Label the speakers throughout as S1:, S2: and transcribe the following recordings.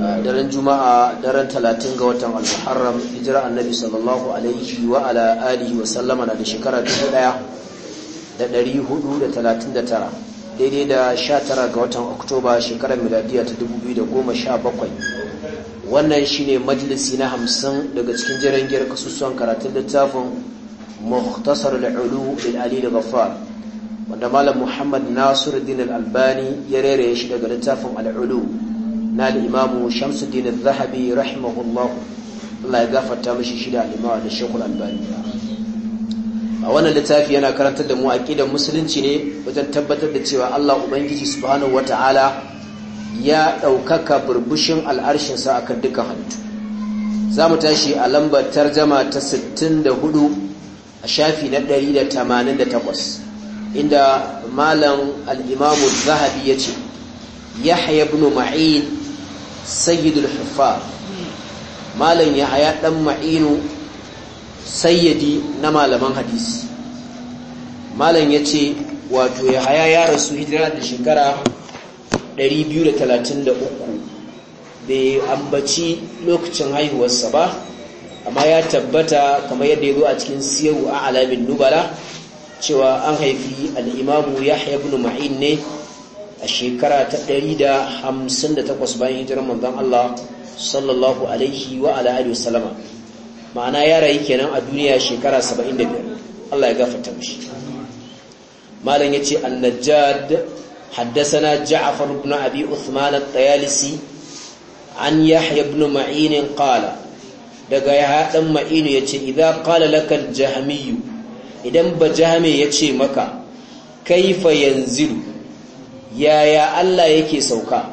S1: daren juma'a daren talatin ga watan al hijira annabi sallallahu alaihi wa ala alihi wa sallama na da shekara daya da tara daidai da sha tara ga watan oktoba shekarar miladiya ta bakwai wannan shine majalisi na hamsin daga cikin jiran giyar kasusuwan karatun littafin muhtasar al'ulu lil'ali da gafar wanda malam muhammad nasiruddin al-albani ya rere shi daga littafin al'ulu na da imamu shamsuddin al-zahabi rahimahullahu Allah ya gafarta mishi shida limawa da shekul albani a wannan littafi yana karantar da mu aqidar musulunci ne wajen tabbatar da cewa Allah ubangiji subhanahu wataala ya daukaka burbushin al'arshin sa akan dukkan halittu zamu tashi a lambar tarjama ta 64 a shafi na 188 inda malam al-imamu zahabi yace yahya ibn ma'in sayyidul huffaz malam yahaya dan ma'inu sayyidi na malaman hadisi malam ya ce wato yahaya ya rasu hijira da shekara 233 ya ambaci lokacin haihuwarsa ba amma ya tabbata kamar yadda ya zo a cikin siyarwa a alamin nubala cewa an haifi al'imamu ya haifi ma'in ne a shekara ta 158 bayan hijirar manzon Allah sallallahu alaihi wa ala alihi wasallama ma'ana ya rayu kenan a duniya shekara 75 Allah ya gafarta mishi malam yace an-najjad haddathana ja'far ibn abi uthman at-tayalisi an yahya ibn ma'in qala daga ya dan ma'in yace idza qala laka al-jahmi idan ba bajame yace maka kaifa yanzilu yaya Allah yake sauka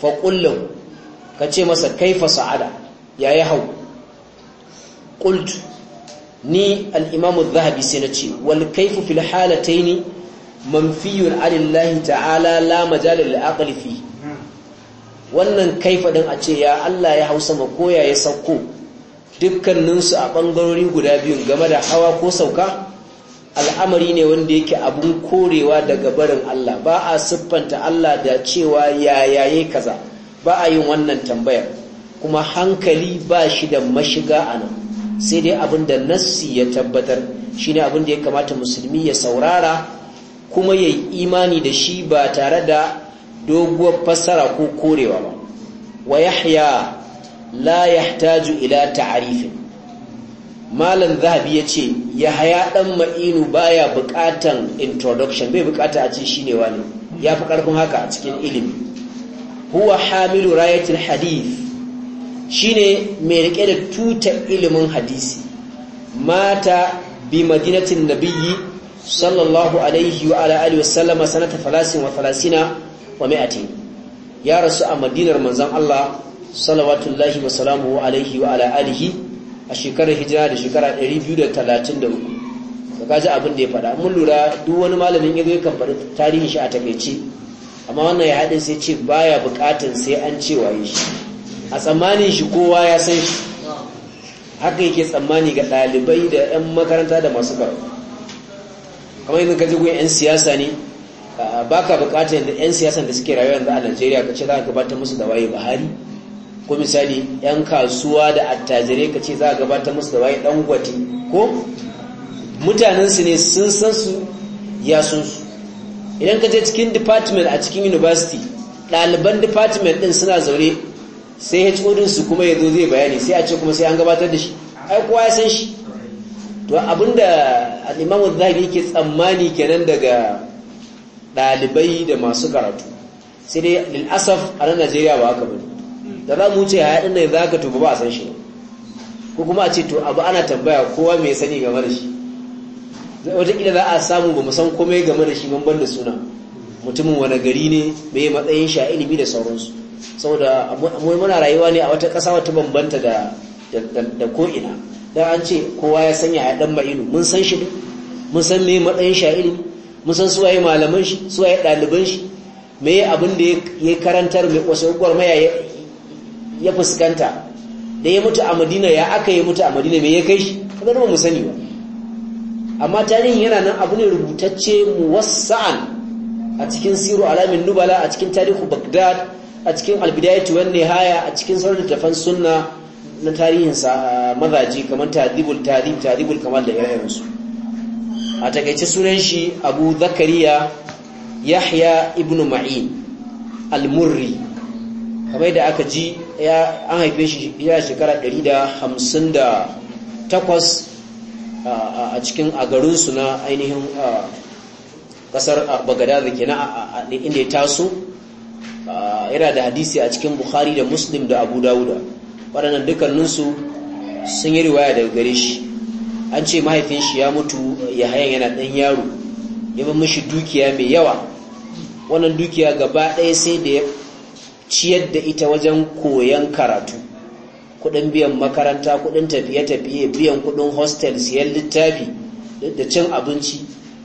S1: fa kullum ka ce masa kaifa sa'ada yaya hau qult ni al-imam sai na ce wal kaifu fil halataini manfiyun alillahi ta'ala la majalil aqli wannan kaifa din a ce ya Allah ya hau sama ko ya ya sauko dukkaninsu a bangarori guda biyu game da hawa ko sauka al'amari ne wanda yake abun korewa daga barin Allah ba a siffanta Allah da cewa yayaye kaza ba a yin wannan tambayar kuma hankali ba shi da mashiga a nan sai dai abin da nassi ya tabbatar shi ne abin da ya kamata musulmi ya saurara kuma ya yi imani da shi ba tare da doguwar fassara ko korewa ba wa yahya la yahtaju ila ta'arifin malam zahabi ya ce ya haya ɗan ma'inu baya buƙatan introduction bai buƙata a ce shi ne wani ya fi ƙarfin haka a cikin ilimi huwa hamilu rayatul hadith shi ne mai riƙe da tuta ilimin hadisi mata bi madinatin nabiyyi sallallahu alaihi wa ala wa sallama sanata falasin wa falasina wa mi'atin ya rasu a madinar manzan Allah sallawatullahi wa wa alaihi wa ala a shekarar hijira da shekara 233 to kaji abin da ya faɗa mun lura duk wani malamin ya zo ya kamfani tarihin shi a takaice amma wannan ya haɗin sai ce baya buƙatar sai an ce waye shi a tsammanin shi kowa ya san shi haka yake tsammani ga ɗalibai da 'yan makaranta da masu karatu kamar yanzu ka ji jigon 'yan siyasa ne ba ka buƙatar 'yan siyasan da suke rayuwa yanzu a najeriya ka ce za ka gabatar musu da waye buhari ko misali yan kasuwa da attajirai ka ce za a gabata musu da waye dan gwati ko mutanensu ne sun san su ya sun su idan ka je cikin department a cikin university ɗaliban department ɗin suna zaure sai ya su kuma ya zo zai bayani sai a ce kuma sai an gabatar da shi ai kowa ya san shi to abinda al'imamu zahabi yake tsammani kenan daga ɗalibai da masu karatu sai dai lil'asaf a nan najeriya ba haka bane da za mu ce haya ɗin nan za ka tuba ba a san shi ko kuma a ce to abu ana tambaya kowa mai sani game da shi wataƙila za a samu ba mu san komai game da shi ban da suna mutumin wani gari ne mai matsayin shi a ilimi da sauransu saboda mu muna rayuwa ne a wata ƙasa wata bambanta da da ko'ina don an ce kowa ya sanya ya ɗan ma'ilu mun san shi mun san me matsayin shi a ilimi mun san suwaye malaman shi suwaye ɗaliban shi me abin da ya karantar mai wasu gwar maya ya fuskanta da ya mutu a madina ya aka yi mutu a madina me ya kai shi kaga gano mu sani ba amma tarihin yana nan abu ne rubutacce muwassa'an a cikin siru alamin nubala a cikin tarihu bagdad a cikin albidayatu wan nihaya a cikin sauran littafan sunna na tarihin sa mazaji kamar tadibul tadibul kamal da yayin su a takaice sunan shi Abu Zakariya Yahya ibnu Ma'in al-Murri kamar da aka ji ya an haife shi ya shekara 158 a cikin a su na ainihin kasar da ke na inda ya taso yana da hadisi a cikin bukhari da muslim da abu dawuda waɗannan dukkaninsu sun yi riwaya daga gare shi an ce mahaifin shi ya mutu ya hayan yana ɗan yaro ya mashi dukiya mai yawa wannan dukiya gaba ɗaya sai da ya ciyar da ita wajen koyon karatu kudin biyan makaranta kudin tafiye-tafiye biyan kudin hostel siyan littafi da cin abinci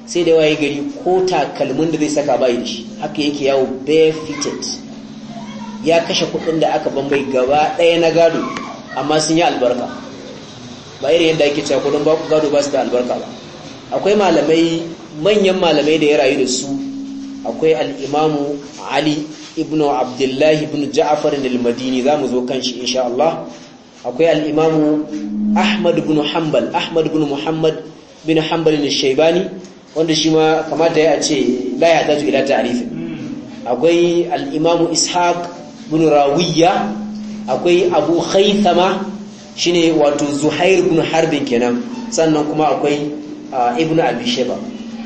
S1: sai da waye gari ko takalmin da zai saka bayi da shi haka yake yawo barefooted ya kashe kudin da aka bambai gaba ɗaya na gado amma sun yi albarka ba irin yadda ake cewa kudin gado ba su da albarka ba akwai malamai manyan malamai da ya rayu da su akwai al'imamu ali ibn abdullahi ibn ja'far al-madini zamu zo kan shi insha Allah akwai al-imam ahmad ibn hanbal ahmad ibn muhammad ibn hanbal al-shaybani wanda shi ma kamata ya ce la ya taju ila ta'rif akwai al-imam ishaq ibn rawiya akwai abu khaythama shine wato zuhair ibn Harbi kenan sannan kuma akwai ah, ibn abi shayba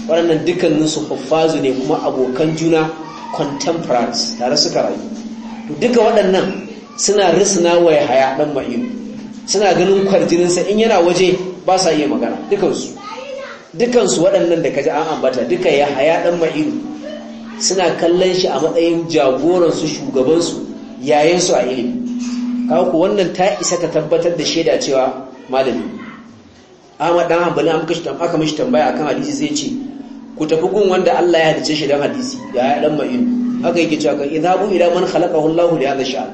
S1: waɗannan dukkaninsu huffazu ne kuma abokan juna contemporaries tare suka rayu to duka waɗannan suna risna wa haya dan ma'in suna ganin sa in yana waje ba sa iya magana dukansu dukansu waɗannan da kaji an ambata duka ya haya dan ma'in suna kallon shi a matsayin jagoransu yayin su a ilimi kawo ku wannan ta isa ka tabbatar da shaida cewa malami Ahmad dan Hanbali aka kashi tambaya akan hadisi zai ce ku tafi gun wanda Allah ya hadice shi dan hadisi ya ya dan ma'in haka yake cewa kan idhabu ila man khalaqahu Allah li hadha sha'an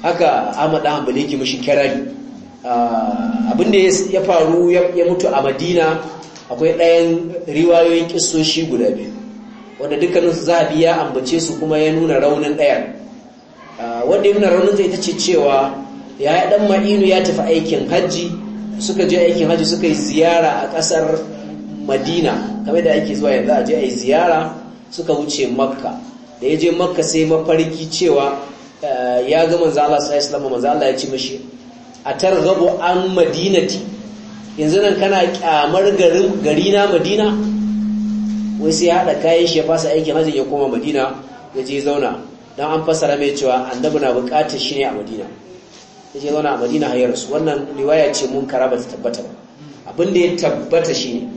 S1: haka Ahmad Hanbali yake mishi kirari ah, abin da ya faru ya mutu a Madina akwai ɗayan riwayoyin kissoshi guda biyu wanda dukkanin su zahabi ya ambace su kuma ya nuna raunin ɗayan ah, wanda ya nuna raunin zai ta ce cewa ya ya ɗan ma'inu ya tafi aikin hajji suka je aikin hajji suka yi ziyara a ƙasar madina kamar da ake zuwa yanzu a je a yi ziyara suka wuce makka da ya je makka sai mafarki cewa eh, ya ga manzo Allah sai islamu Allah ya ci mashi a targhabu an madinati yanzu nan kana kyamar garin gari na madina wai sai ya hada kayan shi ya fasa aikin hajji ya koma madina ya je zauna don an fasara mai cewa annabi na bukatar shi ne a madina ya je zauna a madina hayar su wannan riwaya ce mun karaba ta tabbata abin da ya tabbata shi ne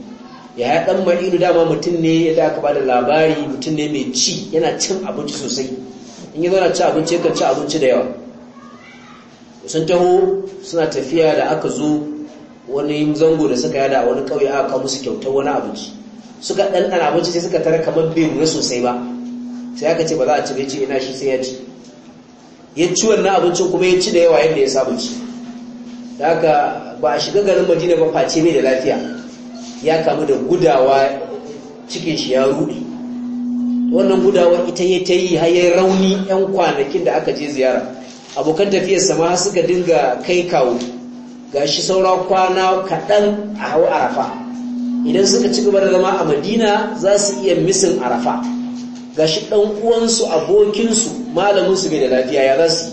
S1: ya dan ma'inu dama mutum ne yadda aka da labari mutum ne mai ci yana cin abinci sosai in yi zana ci abinci aka ci abinci da yawa sun taho suna tafiya da aka zo wani zango da suka yada wani ƙauye aka kawo musu kyautar wani abinci suka ɗanɗana abinci sai suka tara kamar bai ruwa sosai ba sai aka ce ba za a ci bai ce ina shi sai ya ci ya ci wannan abincin kuma ya ci da yawa yadda ya samu ci da haka ba a shiga garin madina ba face mai da lafiya ya kamu da gudawa cikin shi ya rudi wannan gudawa ita ya ta yi hayar rauni yan kwanakin da aka je ziyara abokan tafiyar sama suka dinga kai kawo gashi saura kwana kaɗan a hau arafa idan suka ci gaba da zama a madina za su iya misin arafa gashi ɗan uwansu abokinsu malaminsu bai da lafiya ya za su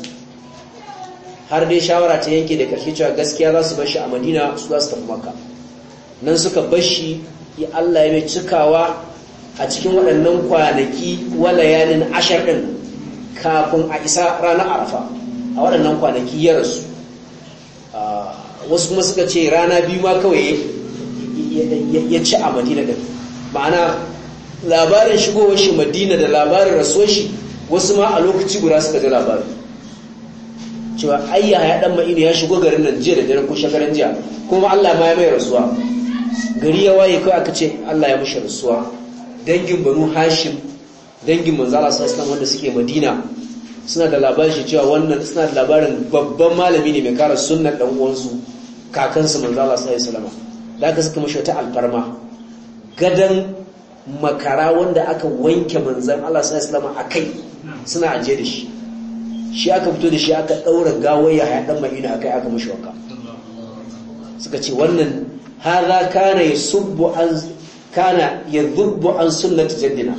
S1: har dai shawara ta yanke da ƙarshe cewa gaskiya za su bar shi a madina su za su tafi maka nan suka bashi ya Allah ya cikawa a cikin waɗannan kwanaki walayanin ashar ɗin kafin a isa ranar arfa a waɗannan kwanaki ya rasu wasu kuma suka ce rana biyu ma kawai ya ci a madina da ma'ana labarin shigowar shi madina da labarin rasuwar shi wasu ma a lokaci guda suka ji labarin cewa ayyaha ya ɗan ma'ina ya shigo garin nan jiya da daren ko garin jiya kuma Allah ma ya mai rasuwa gari ya waye kawai aka ce Allah ya mushi rasuwa dangin banu hashim dangin manzala sallallahu wanda suke madina suna da labarin cewa wannan suna da labarin babban malami ne mai kara sunnar dan uwansu kakansu manzala sallallahu alaihi da aka suka mushi ta alfarma gadan makara wanda aka wanke manzan Allah sallallahu a kai suna aje da shi shi aka fito da shi aka daura gawayya ya dan madina akai aka mushi wanka suka ce wannan كان يسب yasubbu an يذب عن an جدنا jaddina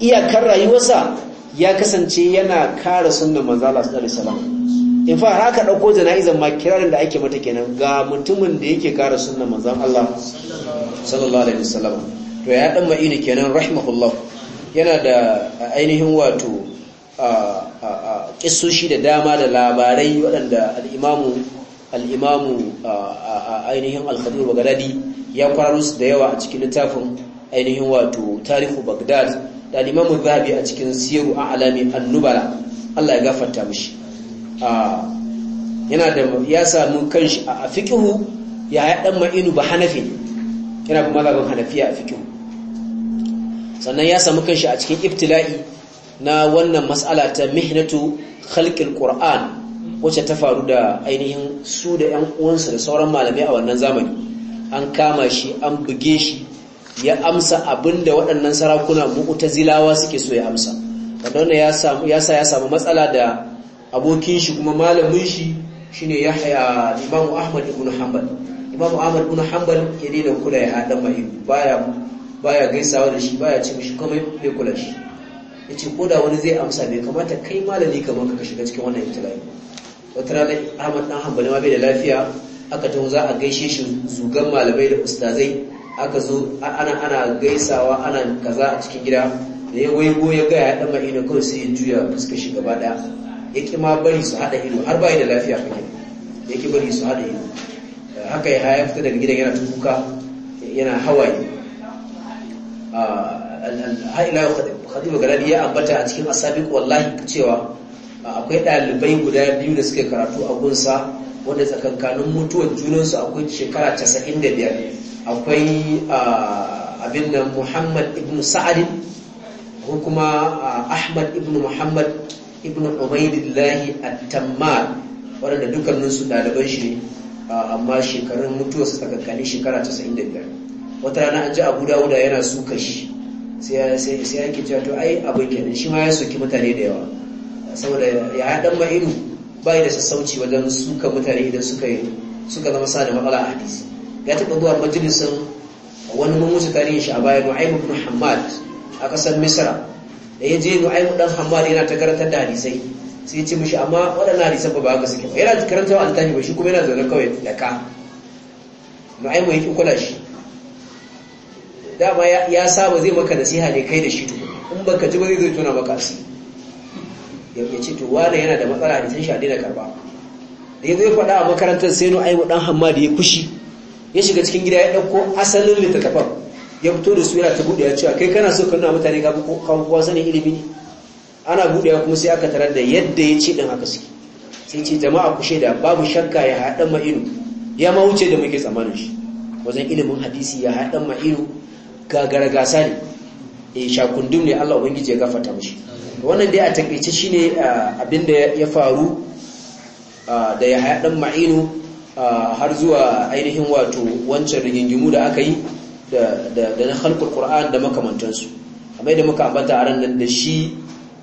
S1: iyakar rayuwarsa ya kasance yana kara sunnar manzo Allah sallallahu alaihi wasallam in fa haka aka dauko jana'izar ma kirarin da ake mata kenan ga mutumin da yake kara sunna manzo Allah sallallahu alaihi wasallam to ya dan ma'ini kenan rahimahullah yana da ainihin wato a da dama da labarai waɗanda al'imamu al'imamu ainihin alkhadir bagadadi ya kwararo su da yawa a cikin littafin ainihin wato tarihu bagdad da al'imamu zahabi a cikin siyaru a alami annubala allah ya gafarta mishi yana ya samu kanshi a fikihu ya haɗan ma'inu ba hanafi yana kuma zaɓin hanafiya a fikihu sannan ya samu kanshi a cikin ibtila'i na wannan matsala ta mihinatu khalqil qur'an wacce ta faru da ainihin su da yan uwansa da sauran malamai a wannan zamani an kama shi an buge shi ya amsa abinda waɗannan sarakuna zilawa suke so ya amsa wanda ya ya sa ya samu matsala da abokin shi kuma malamin shi shine Yahya Imam Ahmad ibn Hanbal Imam Ahmad ibn Hanbal ya daina kula ya hadan mai baya baya gaisawa da shi baya ce mishi kuma bai kula shi yace koda wani zai amsa bai kamata kai malami kamar ka shiga cikin wannan ibtila'i wata rana ahmad dan hanbali ma bai da lafiya aka tun za a gaishe shi zugan malamai da ustazai aka zo ana ana gaisawa ana kaza a cikin gida da ya waigo ya gaya ya dan ma'ina kawai sai ya juya fuska shi gaba daya ya ki ma bari su hada ido har bai da lafiya kake ya ki bari su hada ido haka ya haya fita daga gidan yana tukuka yana hawaye ah, har ila khadiba galadi ya ambata a cikin asabiq wallahi cewa akwai ɗalibai guda biyu da suke karatu a gunsa wanda tsakankanin mutuwar junansu akwai shekara 95 akwai abin da muhammad ibn sa'adin ko kuma ahmad ibn muhammad ibn ubaidillahi at-tammar waɗanda dukkaninsu ɗaliban shi ne amma shekarun mutuwarsa tsakankanin shekara 95 wata rana an ji abu dawuda yana suka shi sai ake ke cewa to ai abin kenan shi ma ya soki mutane da yawa saboda ya dan ba bai da sassauci wajen suka mutane idan suka suka zama sa da matsala a hadisi ya taɓa zuwa majalisar wani mummusa tarihin shi a baya nu'aimu bin hamad a ƙasar misra da ya je nu'aimu dan hamad yana ta karantar da hadisai sai ya ce mishi amma waɗannan hadisan ba haka suke ba yana wa altafi ba shi kuma yana zaune kawai da ka ya ƙi kula shi dama ya saba zai maka nasiha ne kai da shi tukun in baka ji ba zai zai tona maka asiri ya ce to yana da matsala da shi a daina karba da ya zai faɗa a makarantar sai no dan ɗan da ya kushi ya shiga cikin gida ya ɗauko asalin littattafan ya fito da su yana ta buɗe ya cewa kai kana so ka nuna mutane ka kuwa sanin ilimi ne ana buɗewa kuma sai aka tarar da yadda ya ce ɗin haka suke sai ce jama'a ku da babu shakka ya haɗa ilu ya ma wuce da muke tsammanin shi wajen ilimin hadisi ya haɗa ilu gagara gasa ne e shakundum ne Allah ubangiji ya gafarta mashi wannan dai a takaice shine abinda ya faru da ya haya dan ma'inu har zuwa ainihin wato wancan rigingimu da aka yi da na halkar ƙura'an da makamantansu amma da muka ambata a ran da shi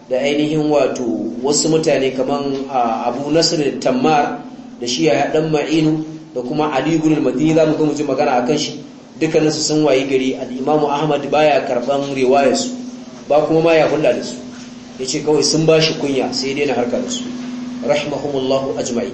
S1: da ainihin wato wasu mutane kamar abu nasir tamar da shi ya dan ma'inu da kuma aligun almadini madini za mu ga mutum magana a kan shi dukkaninsu sun wayi gari alimamu ahmad baya karban riwayarsu ba kuma ma ya hulla da su ya ce kawai sun ba shi kunya sai daina harka da su rahimahumullahu ajma'i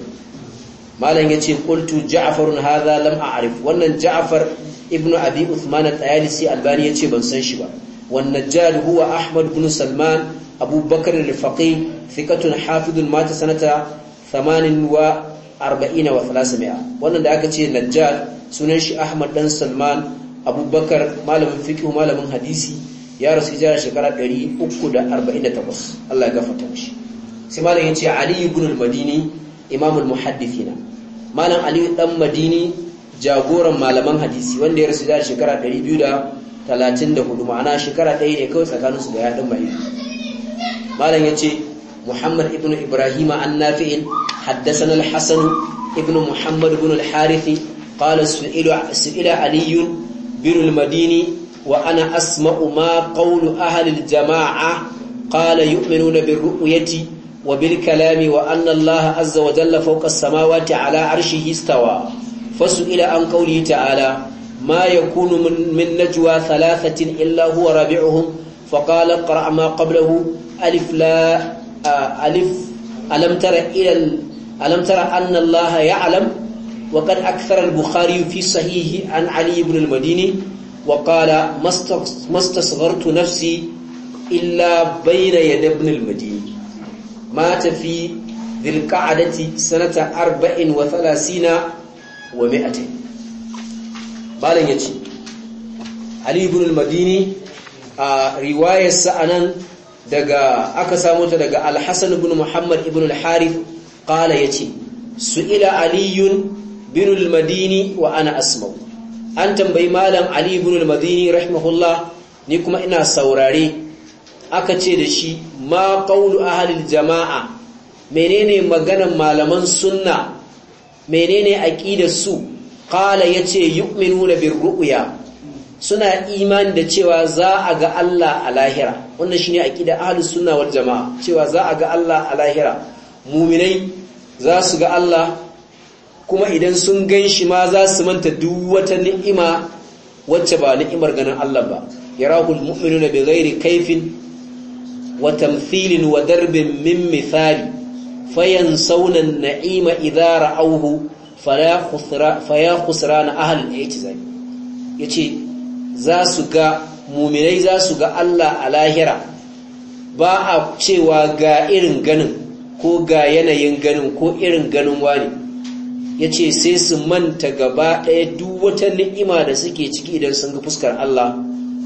S1: malam ya ce ƙultu ja'afarun haza lam a arif wannan ja'far ibnu abi uthman al-tayalisi albani ya ce ban san shi ba wannan jari huwa ahmad bin salman abubakar al-faqi thiqatun hafidun mata sanata 80 wa 300 wannan da aka ce najjar sunan shi ahmad dan salman abubakar malamin fiqh malamin hadisi ya rasu hijira shekara 348 Allah ya gafarta mishi sai malam yace Ali ibn al-Madini imamul muhaddithina malam Ali dan Madini jagoran malaman hadisi wanda ya rasu hijira shekara 234 ma'ana shekara ɗaya ne kawai su da ya dan mai malam yace Muhammad ibn Ibrahim an-Nafi'in haddathana al-Hasan ibn Muhammad ibn al-Harith قال سئل علي بن madini. wa ana asma'u ma qawlu ahli aljamaa'a qala yu'minuna birru'yati wa bilkalami wa anna allaha azza wa jalla fawqa as-samawati 'ala 'arshihi istawa fas'ila an qawli ta'ala ma yakunu min najwa thalathatin illa huwa rabi'uhum fa qala qra' ma qablahu alif la alif alam tara ila alam tara anna allaha ya'lam وقد أكثر البخاري في صحيحه وقال ما استصغرت نفسي إلا بين يد ابن المديني مات في ذي القعدة سنة أربع وثلاثين ومائتين بالن يتي علي بن المديني رواية سأنا daga aka samu ta daga al-Hasan ibn Muhammad ibn al-Harith qala yace su'ila aliyun bin al-Madini wa ana asma'u an tambayi malam ali ibn al-madini rahimahullah ni kuma ina saurare aka ce da shi ma qaulu ahli jamaa menene maganan malaman sunna menene aqidar su qala yace yu'minuna bir ru'ya suna imani da cewa za a ga Allah a lahira wannan shine aqidar ahli sunna wal jamaa cewa za a ga Allah a lahira mu'minai za su ga Allah kuma idan sun gan shi ma za su manta duk wata ni'ima wacce ba ni'imar ganin Allah ba yarahul mu'minuna bi ghairi kaifin wa tamthilin wa darbin min mithali fayansawna an-na'ima idha ra'awhu fala khusra faya khusrana al-ijtizam yace za su ga mu'minai za su ga Allah a lahira ba a cewa ga irin ganin ko ga yanayin ganin ko irin ganin wani ya ce sai su manta gaba ɗaya duk wata ni'ima da suke ciki idan sun ga fuskar Allah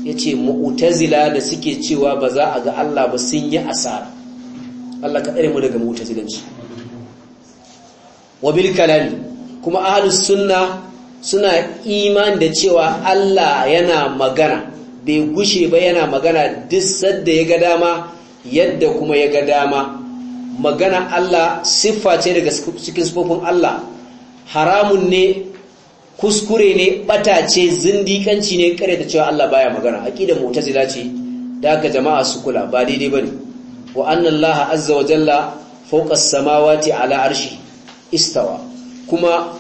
S1: ya ce mu'utazila da suke cewa ba za a ga Allah ba sun yi asara Allah ka ɗari mu daga mu'utazilanci wa bil kuma ahalus sunna suna iman da cewa Allah yana magana bai gushe ba yana magana duk sadda ya ga dama yadda kuma ya ga dama magana Allah siffa ce daga cikin sufofin Allah haramun ne kuskure ne bata ce zindikanci ne kare ta cewa Allah baya magana aqidar mu'tazila ce da haka jama'a su kula ba daidai bane wa anna Allah azza wa jalla fawqa samawati ala arshi istawa kuma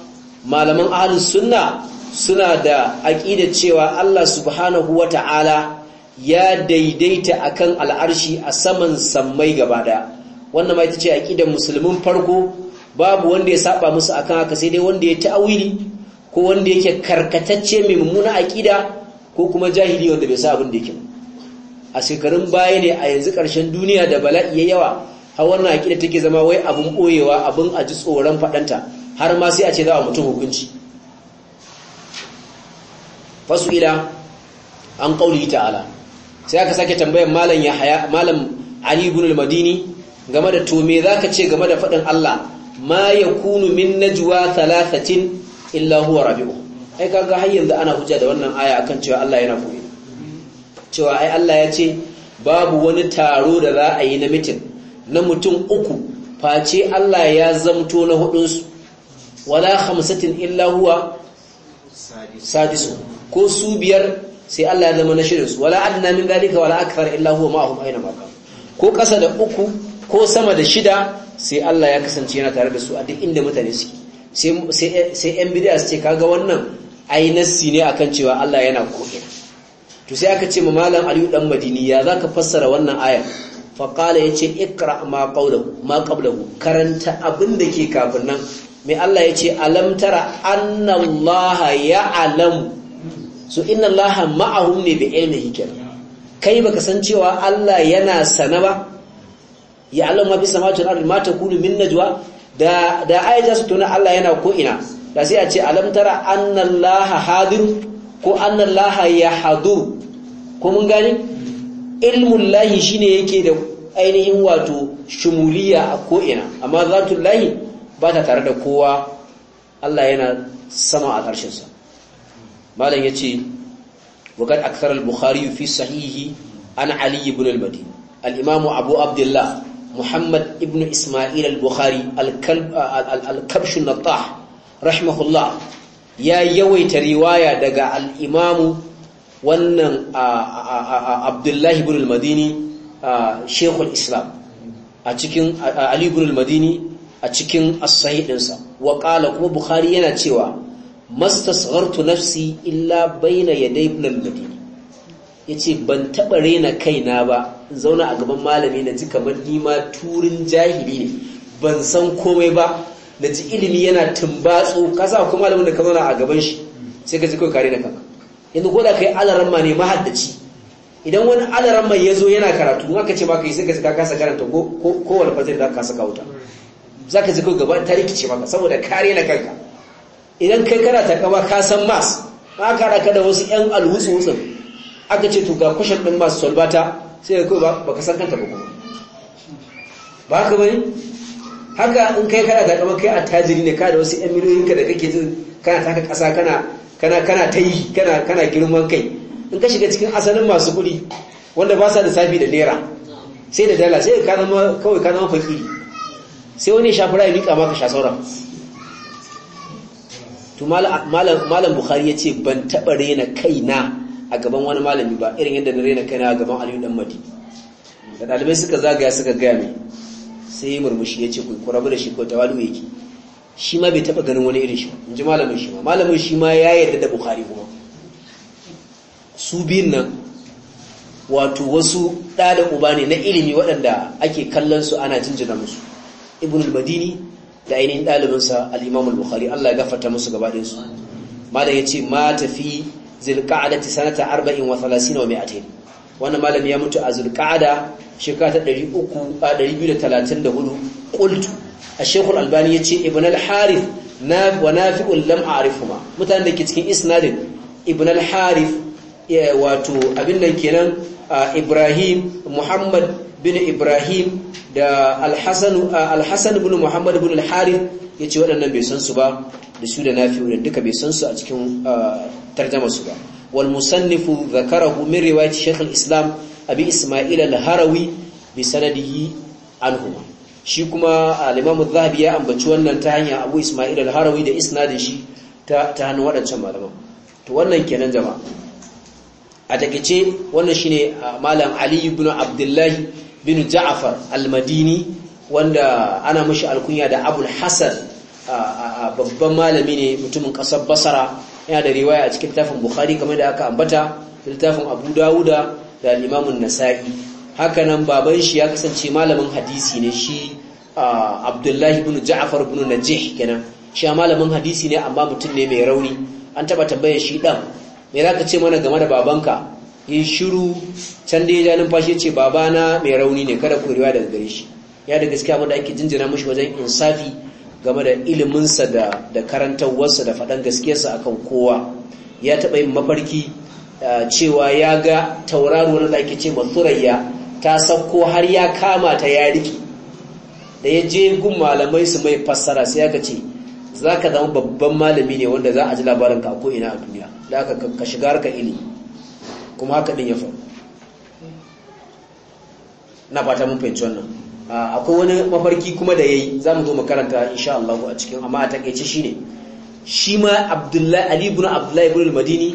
S1: malaman ahlus sunna suna da aqidar cewa Allah subhanahu wata'ala ya daidaita akan al'arshi a saman sammai gaba daya wannan ma ita ce aqidar musulmin farko babu wanda ya saba musu akan haka sai dai wanda ya ta'awili ko wanda yake karkatacce mai mummuna aqida ko kuma jahili wanda bai sa abin da yake a shekarun baya ne a yanzu ƙarshen duniya da bala'i ya yawa har wannan aqida take zama wai abin boyewa abun aji tsoron fadanta har ma sai a ce za a mutum hukunci fasu ila an qauli ta'ala sai aka sake tambayar malam yahya malam ali ibn al-madini game da to me zaka ce game da fadin Allah ma yakunu min najwa thalathatin illa huwa rabi'u ai kaga har yanzu ana hujja da wannan aya akan cewa Allah yana koyi cewa ai Allah ya ce babu wani taro da za a yi na mutum. na mutum uku face Allah ya zamto na hudunsu wala khamsatin illa huwa sadisu ko su biyar sai Allah ya zama na shirin su wala adna min dalika wala akthar illa huwa ma'ahum aina ma ko kasa da uku ko sama da shida sai Allah ya kasance yana tare da su a duk inda mutane suke sai yan bidiyar su ce kaga wannan ai nassi ne akan cewa Allah yana ko'ina to sai aka ce ma malam Aliyu dan Madini ya ka fassara wannan ayar faƙala ya ce ikra ma qawluhu ma karanta abin da ke kafin nan mai Allah yace alamtara tara annallaha ya alamu so inna ma'ahum ne da ilmihi kenan kai baka san cewa Allah yana sana ba ya Allah ma fi samawati wal ardi ma takunu min najwa da da ayi za su tona Allah yana ko ina da sai a ce alam tara anna Allah hadir ko anna Allah yahdur ko mun gani ilmullahi lahi shine yake da ainihin wato shumuliya a ko ina amma zatul lahi ba ta tare da kowa Allah yana sama a ƙarshen sa malam yace وقد أكثر البخاري في صحيحه عن علي بن المديني الإمام أبو عبد الله muhammad ibn ismail al-bukhari al-kabsh al-nattah rahimahullah ya yawaita riwaya daga al-imamu wannan abdullahi ibn madini shekul islam a cikin ali ibn madini a cikin as-sahih dinsa kuma bukhari yana cewa masta mastasghartu nafsi illa bayna yaday ibn al-madini yace ban taba rena kaina ba in zauna a gaban malami na ji kamar nima turin jahili ne ban san komai ba na ji ilimi yana tumbatsu ka sa kuma malamin da ka zauna a gaban shi sai ka ji kai kare da kanka yanzu ko da kai ma ne mahaddaci idan wani alaran ya zo yana karatu aka ce maka yi sai ka kasa karanta kowane fatar da ka saka wuta za ka ji kai gaba ta rikice maka saboda kare na kanka idan kai karata kama ka san mas ba ka da wasu 'yan alhusu wutsun aka ce to ga kushin ɗin masu solbata sai ka kawai ba ka san kanta ba ba ka bane haka in kai kana da kamar kai attajiri ne ka da wasu yan ka da kake jin kana taka ƙasa kana kana ta yi kana girman kai in ka shiga cikin asalin masu kuɗi wanda ba sa lissafi da naira sai da dala sai ka zama kawai ka zama fakiri sai wani shafi rayu liƙa maka sha saura to malam bukhari ya ce ban taɓa rena kaina a gaban wani malami ba irin yadda na raina kaina a gaban aliyu dan madi da ɗalibai suka zagaya suka gaya mai sai ya murmushi ya ce ku kurabu da shi ko tawalu yake shi ma bai taɓa ganin wani irin shi in ji malamin shi ma malamin shi ma ya yarda da bukari kuma su biyun nan wato wasu ɗa da uba ne na ilimi waɗanda ake kallon su ana jinjina musu ibn madini da ainihin ɗalibinsa al imamul bukari bukhari Allah ya gafarta musu gaba ɗayansu malam ya ce ma tafi zulqa'ada sanata 34 wa wannan malami ya mutu a zulqa'ada shekara ta 334 qultu ash-shaykh al-albani yace ibn al-harith na wa nafi'un lam a'rifuma mutane da ke cikin isnadin ibn al-harith eh, wato abin nan kenan ibrahim muhammad bin ibrahim da alhassan bin muhammad bin al-harith ya ce waɗannan bai san su ba da su da nafi'u da duka bai san su a cikin tarjama su ba wal musannifu zakara min riwayat shaykh al-islam abi isma'il al-harawi bi sanadihi anhuma shi kuma al-imam zahabi ya ambaci wannan ta hanya abu isma'il al-harawi da isnadin shi ta ta hannun waɗancan malaman to wannan kenan jama'a a takeice wannan shine malam ali ibn abdullahi bin ja'afar almadini wanda ana mashi alkunya da abul hasan babban malami ne mutumin ƙasar basara yana da riwaya a cikin littafin bukhari kamar da aka ambata da littafin abu dawuda da limamin nasa'i hakanan baban shi ya kasance malamin hadisi ne shi abdullahi bin ja'afar bin najih kenan shi malamin hadisi ne amma mutum ne mai rauni an taba tambayar shi dan me ka ce mana game da babanka yin shiru can da ya ja numfashi ya ce babana mai rauni ne kada ku riwa daga gare shi ya da gaskiya wanda da ake jinjina mashi wajen insafi game da iliminsa da da karantarwarsa da faɗan gaskiyarsa akan kowa ya taɓa yin mafarki cewa ya ga tauraro da ake ce masurayya ta sauko har ya kama ta ya riki da ya je gun malamai su mai fassara sai ya ce za ka zama babban malami ne wanda za a ji labarinka a ina a duniya da aka ka shiga harkar ilimi kuma haka din ya faru na fata mun fahimci wannan akwai wani mafarki kuma da yayi zamu zo mu karanta insha Allah a cikin amma a takeice shine shi ma Abdullahi Ali ibn Abdullahi ibn al-Madini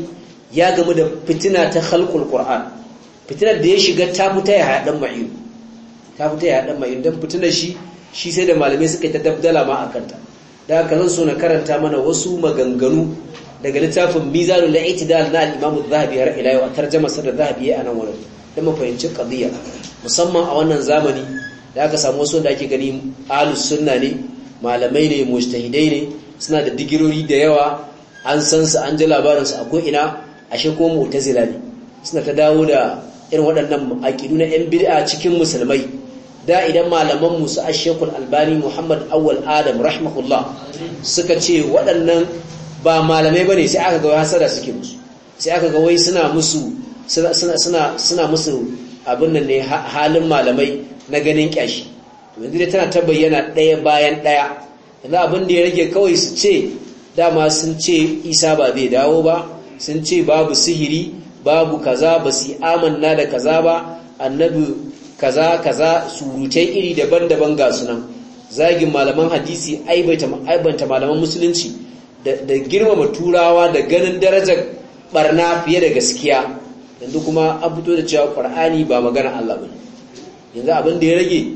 S1: ya gamu da fitina ta khalqul Qur'an fitinar da ya shiga ta fita ya haɗan ma'in ta fita ya haɗan ma'in don fitinar shi shi sai da malamai suka yi ta dabdala ma a kanta da haka zan so na karanta mana wasu maganganu daga littafin mizanu na itidal na al-imamu zahabi ya ila yau a tarjama sadar zahabi a nan wurin don mu fahimci musamman a wannan zamani da aka samu wasu da ake gani ahlus sunna ne malamai ne mustahidai ne suna da digirori da yawa an san su an ji labarinsu a ko ina ashe ko mu'tazila ne suna ta dawo da irin waɗannan aqidu na yan bid'a cikin musulmai da idan malaman musu ashekul albani muhammad awwal adam rahimahullah suka ce waɗannan ba malamai bane sai aka ga hasada suke musu sai aka ga wai suna musu suna suna musu abin ne halin malamai na ganin kyashi to yanzu dai tana ta bayyana ɗaya bayan ɗaya yanzu abin da ya rage kawai su ce dama sun ce isa ba zai dawo ba sun ce babu sihiri babu kaza ba su amanna da kaza ba annabi kaza kaza surutai iri daban-daban ga sunan zagin malaman hadisi aibanta malaman musulunci da girmama turawa da ganin darajar barna fiye da gaskiya yanzu kuma an fito da cewa ƙwar'ani ba magana Allah ba yanzu abin da ya rage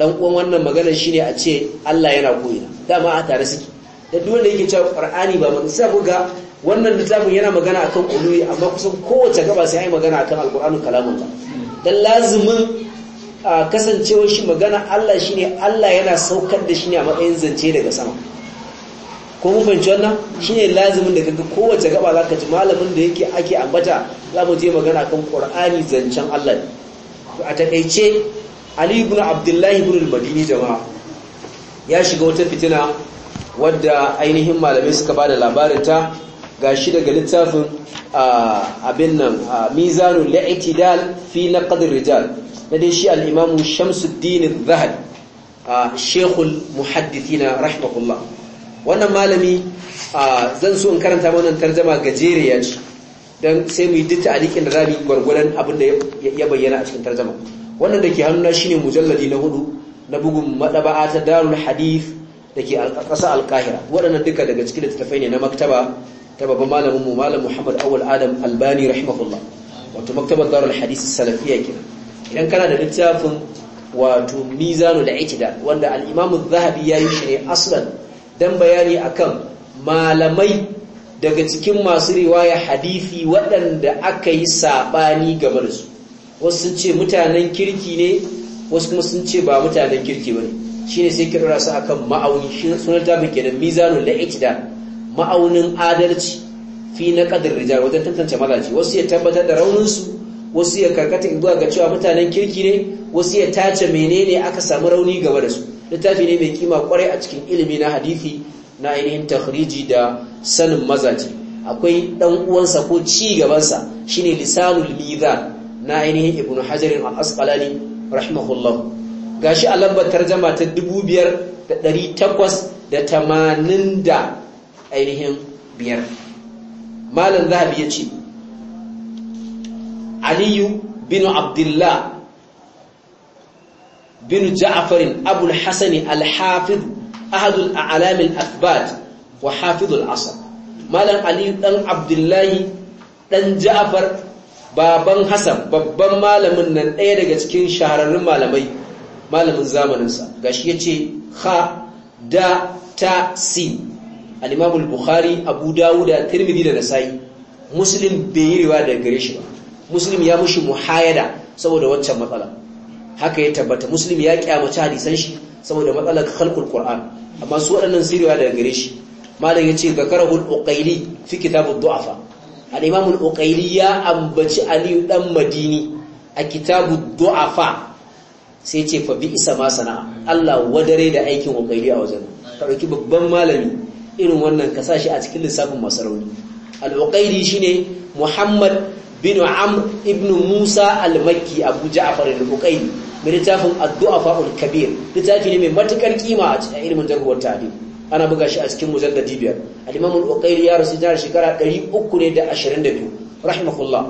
S1: ɗan uwan wannan magana ne a ce Allah yana koyina dama a tare suke da duk yake cewa ƙwar'ani ba magana sai ga wannan littafin yana magana a kan ƙuluri amma kusan kowace gaba sai yi magana a kan alqur'anu kalamun ba don lazimin kasancewar shi magana Allah shi ne Allah yana saukar da shi ne a matsayin zance daga sama ko mu fahimci wannan shine lazimin da kaga kowace gaba zaka ji malamin da yake ake ambata za mu je magana kan Ƙur'ani zancen Allah a takeice Ali ibn Abdullah ibn al-Madini jama'a ya shiga wata fitina wadda ainihin malamai suka bada labarin ta gashi daga littafin abin nan mizanul li'tidal fi naqd rijal na dai shi al-Imam Shamsuddin az-Zahabi shaykhul muhaddithina rahimahullah wannan malami zan so in karanta wannan tarjama gajeriya ce don sai mu yi duk ta'alikin da za gwargwadon abin da ya bayyana a cikin tarjama wannan da ke hannuna ne mujalladi na hudu na bugun madaba'a ta darul hadith da ke ƙasa alkahira waɗannan duka daga cikin littattafai ne na maktaba ta babban malamin mu malam muhammad awal adam albani rahimahullah wato maktabar darul hadith salafiyya kenan idan kana da littafin wato mizanu da itidal wanda al zahabi yayi shi ne aslan don bayani akan malamai daga cikin masu riwaya hadisi waɗanda aka yi saɓani game da su wasu sun ce mutanen kirki ne wasu kuma sun ce ba mutanen kirki ba ne shi ne sai kira su akan ma'auni shi sunan tabin kenan mizanun da ikida ma'aunin adalci fi na kadar rijal wajen tantance mazaje wasu ya tabbatar da rauninsu wasu ya karkata zuwa ga cewa mutanen kirki ne wasu ya tace menene aka samu rauni game da su littafi ne mai kima kwarai a cikin ilimi na hadithi na ainihin tahriji da sanin mazaji akwai dan uwansa ko ci gabansa shine lisanul mizan na ainihin ibnu hajar al-asqalani rahimahullah gashi a lambar tarjuma ta 5880 da ainihin biyar malam zahabi yace aliyu bin abdullah bin ja'farin abul hasani al-hafid ahadul a'lam al-athbat wa hafidul asr malam ali ɗan abdullahi ɗan ja'far baban hasan babban malamin nan ɗaya daga cikin shahararrun malamai malamin zamaninsa gashi yace ha da ta si al-imam al-bukhari abu dawud da tirmidhi da nasai muslim bai yi riwaya daga gare shi ba muslim ya mushi muhayada saboda waccan matsala haka ya tabbata muslim ya kyamaci hadisan shi saboda matsalar khalqul qur'an amma su wadannan sirriya da gare shi malam yace zakarahu al-uqayli fi kitabu duafa al-imam al-uqayli ya ambaci ali dan madini a kitabu duafa sai yace fa bi isa ma sana'a Allah wadare da aikin uqayli a wajen ka dauki babban malami irin wannan ka sashi a cikin lissafin masarauni al-uqayli shine muhammad Binu amr ibn musa al-makki abu ja'far al mai littafin ad-du'afa al-kabir littafi ne mai matukar kima a cikin ilmin jarhuwar ana buga shi a cikin mujalladi biyar al-imam al-buqayni ya rasu da shekara 322 rahimahullah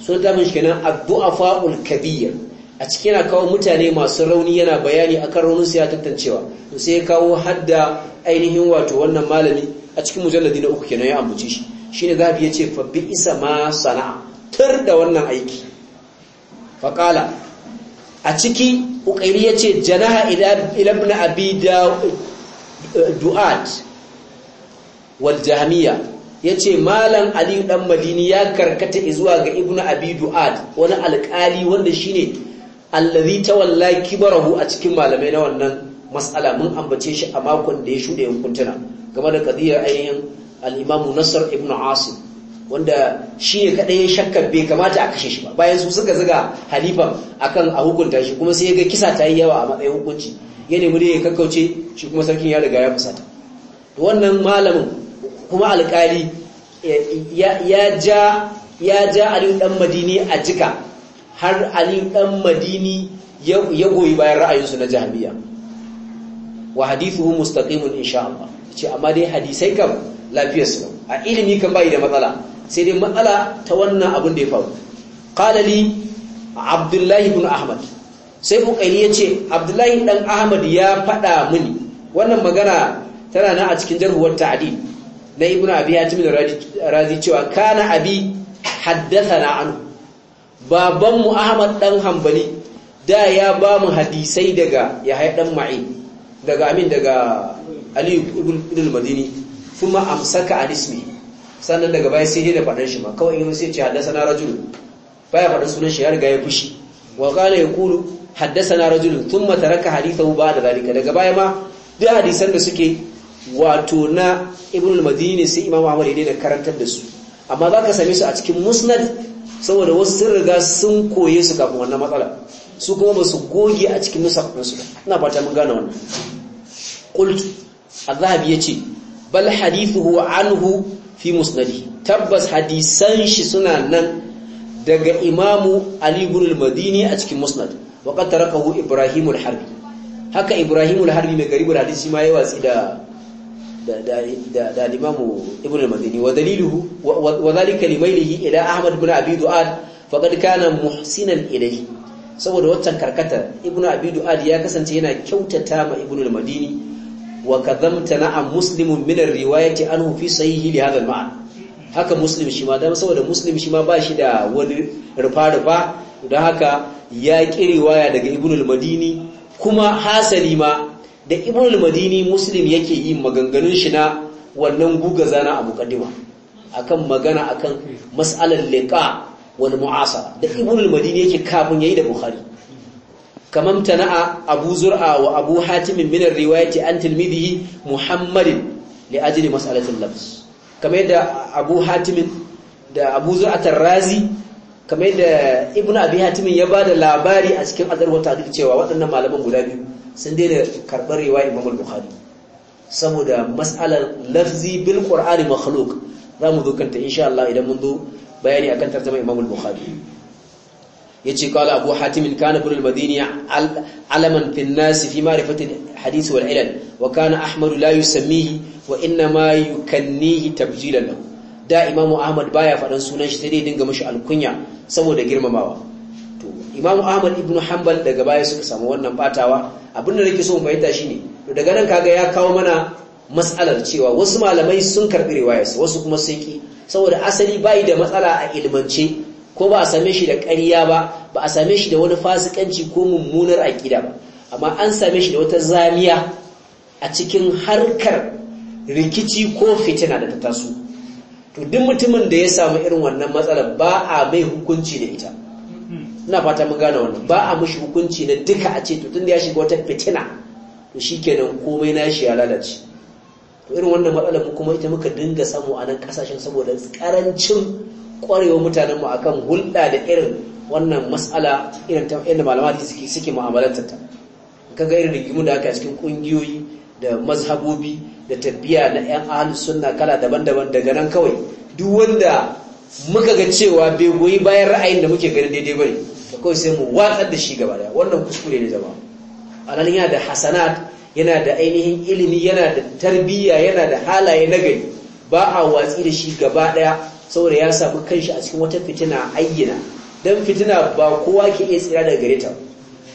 S1: sunan tafin shi kenan ad-du'afa al-kabir a cikin yana kawo mutane masu rauni yana bayani akan raunin su ya tantancewa to sai ya kawo hadda ainihin wato wannan malami a cikin mujalladi na uku kenan ya ambace shi shine zabi yace fa bi isa ma sana'a tur da wannan aiki faƙala a ciki ƙuƙari ya ce janaha ilabna abi du'at wal ya ce malam aliyu dan madini ya karkata izuwa ga ibnu abi du'ad wani alƙali wanda shine allazi tawalla barahu a cikin malamai na wannan matsala mun ambace shi a makon da ya shuɗe hukuntuna game da qadiyar ainihin al-imamu nasr ibnu asim wanda shi ne kaɗai shakka bai kamata a kashe shi ba bayan su suka zuga halifan akan a hukunta shi kuma sai ya ga kisa ta yi yawa a matsayin hukunci ya nemi da ya kakkauce shi kuma sarkin ya riga ya fusata wannan malamin kuma alƙali ya ja aliyu ɗan madini a jika har aliyu ɗan madini ya goyi bayan ra'ayinsu na jami'a wa hadithu mustaqimun insha Allah ce amma dai hadisai kam lafiyarsu a ilimi kan bai da matsala sai dai matsala ta wannan abin da ya faru qala abdullahi ibn ahmad sai ya ce abdullahi ɗan ahmad ya faɗa mini wannan magana tana na a cikin jarhuwar ta'adi na ibnu abi hatim razi cewa kana abi haddathana baban babanmu ahmad ɗan hambali da ya ba mu hadisai daga yahya ɗan ma'i daga amin daga Aliyu ibn madini kuma amsaka a ismi sannan daga baya sai da faɗan shi ma kawai in sai ce na rajul baya faɗin sunan shi ya riga ya fushi wa kana yaqulu tun rajul thumma taraka ba ba'da zalika daga baya ma duk hadisan da suke wato na ibn madini sai imam ahmad ne da karantar da su amma zaka same su a cikin musnad saboda wasu sun riga sun koye su kafin wannan matsala su kuma ba su goge a cikin nusafin su ina fata mun gane wannan qult al zahabi yace bal hadithu anhu fi musnadi tabbas hadisan shi suna nan daga imamu ali ibn al-madini a cikin musnad wa qad tarakahu ibrahim al-harbi haka ibrahim al-harbi mai garibul hadisi ma yayi watsi da da imamu ibn al-madini wa daliluhu wa dhalika limailihi ila ahmad ibn abi du'ad faqad kana muhsinan ilayhi saboda waccan karkata ibn abi du'ad ya kasance yana kyautata ma ibn al-madini wa kadhamta na'am muslimun min ar-riwayati anhu fi sahihi li hadha maan haka muslim shi ma dan saboda muslim shi ma ba shi da wani rufa-rufa don haka ya ki riwaya daga ibnul al-madini kuma hasali ma da ibn al-madini muslim yake yi maganganun shi na wannan guga zana a kadima akan magana akan mas'alar liqa wal mu'asara da ibn al-madini yake kafin yayi da bukhari kamar tana'a abu zur'a wa abu hatimin minar riwayati an tilmidihi muhammadin li ajli mas'alatul labs kamar yadda abu hatimin da abu zur'a tarrazi kamar yadda ibnu abi hatimin ya ba da labari a cikin adarwa ta cewa waɗannan malaman guda biyu sun daina karbar riwayar imam al saboda mas'alar lafzi bil qur'ani za mu zo kanta insha Allah idan mun zo bayani akan tarjuma imam al-bukhari yace qala abu hatim kana ibn al-madini alaman fi marifa nas fi ma'rifati hadith wal ilal wa kana ahmad la yusammihi wa ina ma yukannihi tabjilan da imamu ahmad baya fadan sunan shi sai dai dinga mishi alkunya saboda girmamawa to imamu ahmad ibn hanbal daga baya suka samu wannan batawa abinda nake so mu shi shine to daga nan kaga ya kawo mana mas'alar cewa wasu malamai sun karɓi riwayarsa wasu kuma sun ki saboda asali bai da matsala a ilmance ko ba a same shi da ƙarya ba ba a same shi da wani fasikanci ko mummunar aƙida ba amma an same shi da wata zamiya a cikin harkar rikici ko fitina da ta taso to duk mutumin da ya samu irin wannan matsalar ba a mai hukunci da ita ina fata mun gane wannan ba a mishi hukunci na duka a ce to tunda ya shiga wata fitina to shikenan komai nashi ya lalace to irin wannan matsalar mu kuma ita muka dinga samu a nan kasashen saboda karancin ƙwarewa mutanenmu akan hulɗa da irin wannan matsala irin ta inda malamai suke suke Kan ta kaga irin rigimu da aka cikin ƙungiyoyi da mazhabobi da tabiya na 'yan ahli sunna kala daban-daban daga nan kawai duk wanda muka ga cewa bai goyi bayan ra'ayin da muke ganin daidai bane to kawai sai mu watsar da shi gaba daya wannan kuskure ne jama'a anan yana da hasanat yana da ainihin ilimi yana da tarbiyya yana da halaye na gari ba a watsi da shi gaba daya saboda ya samu kanshi a cikin wata fitina ayyana don fitina ba kowa ke iya tsira daga gare ta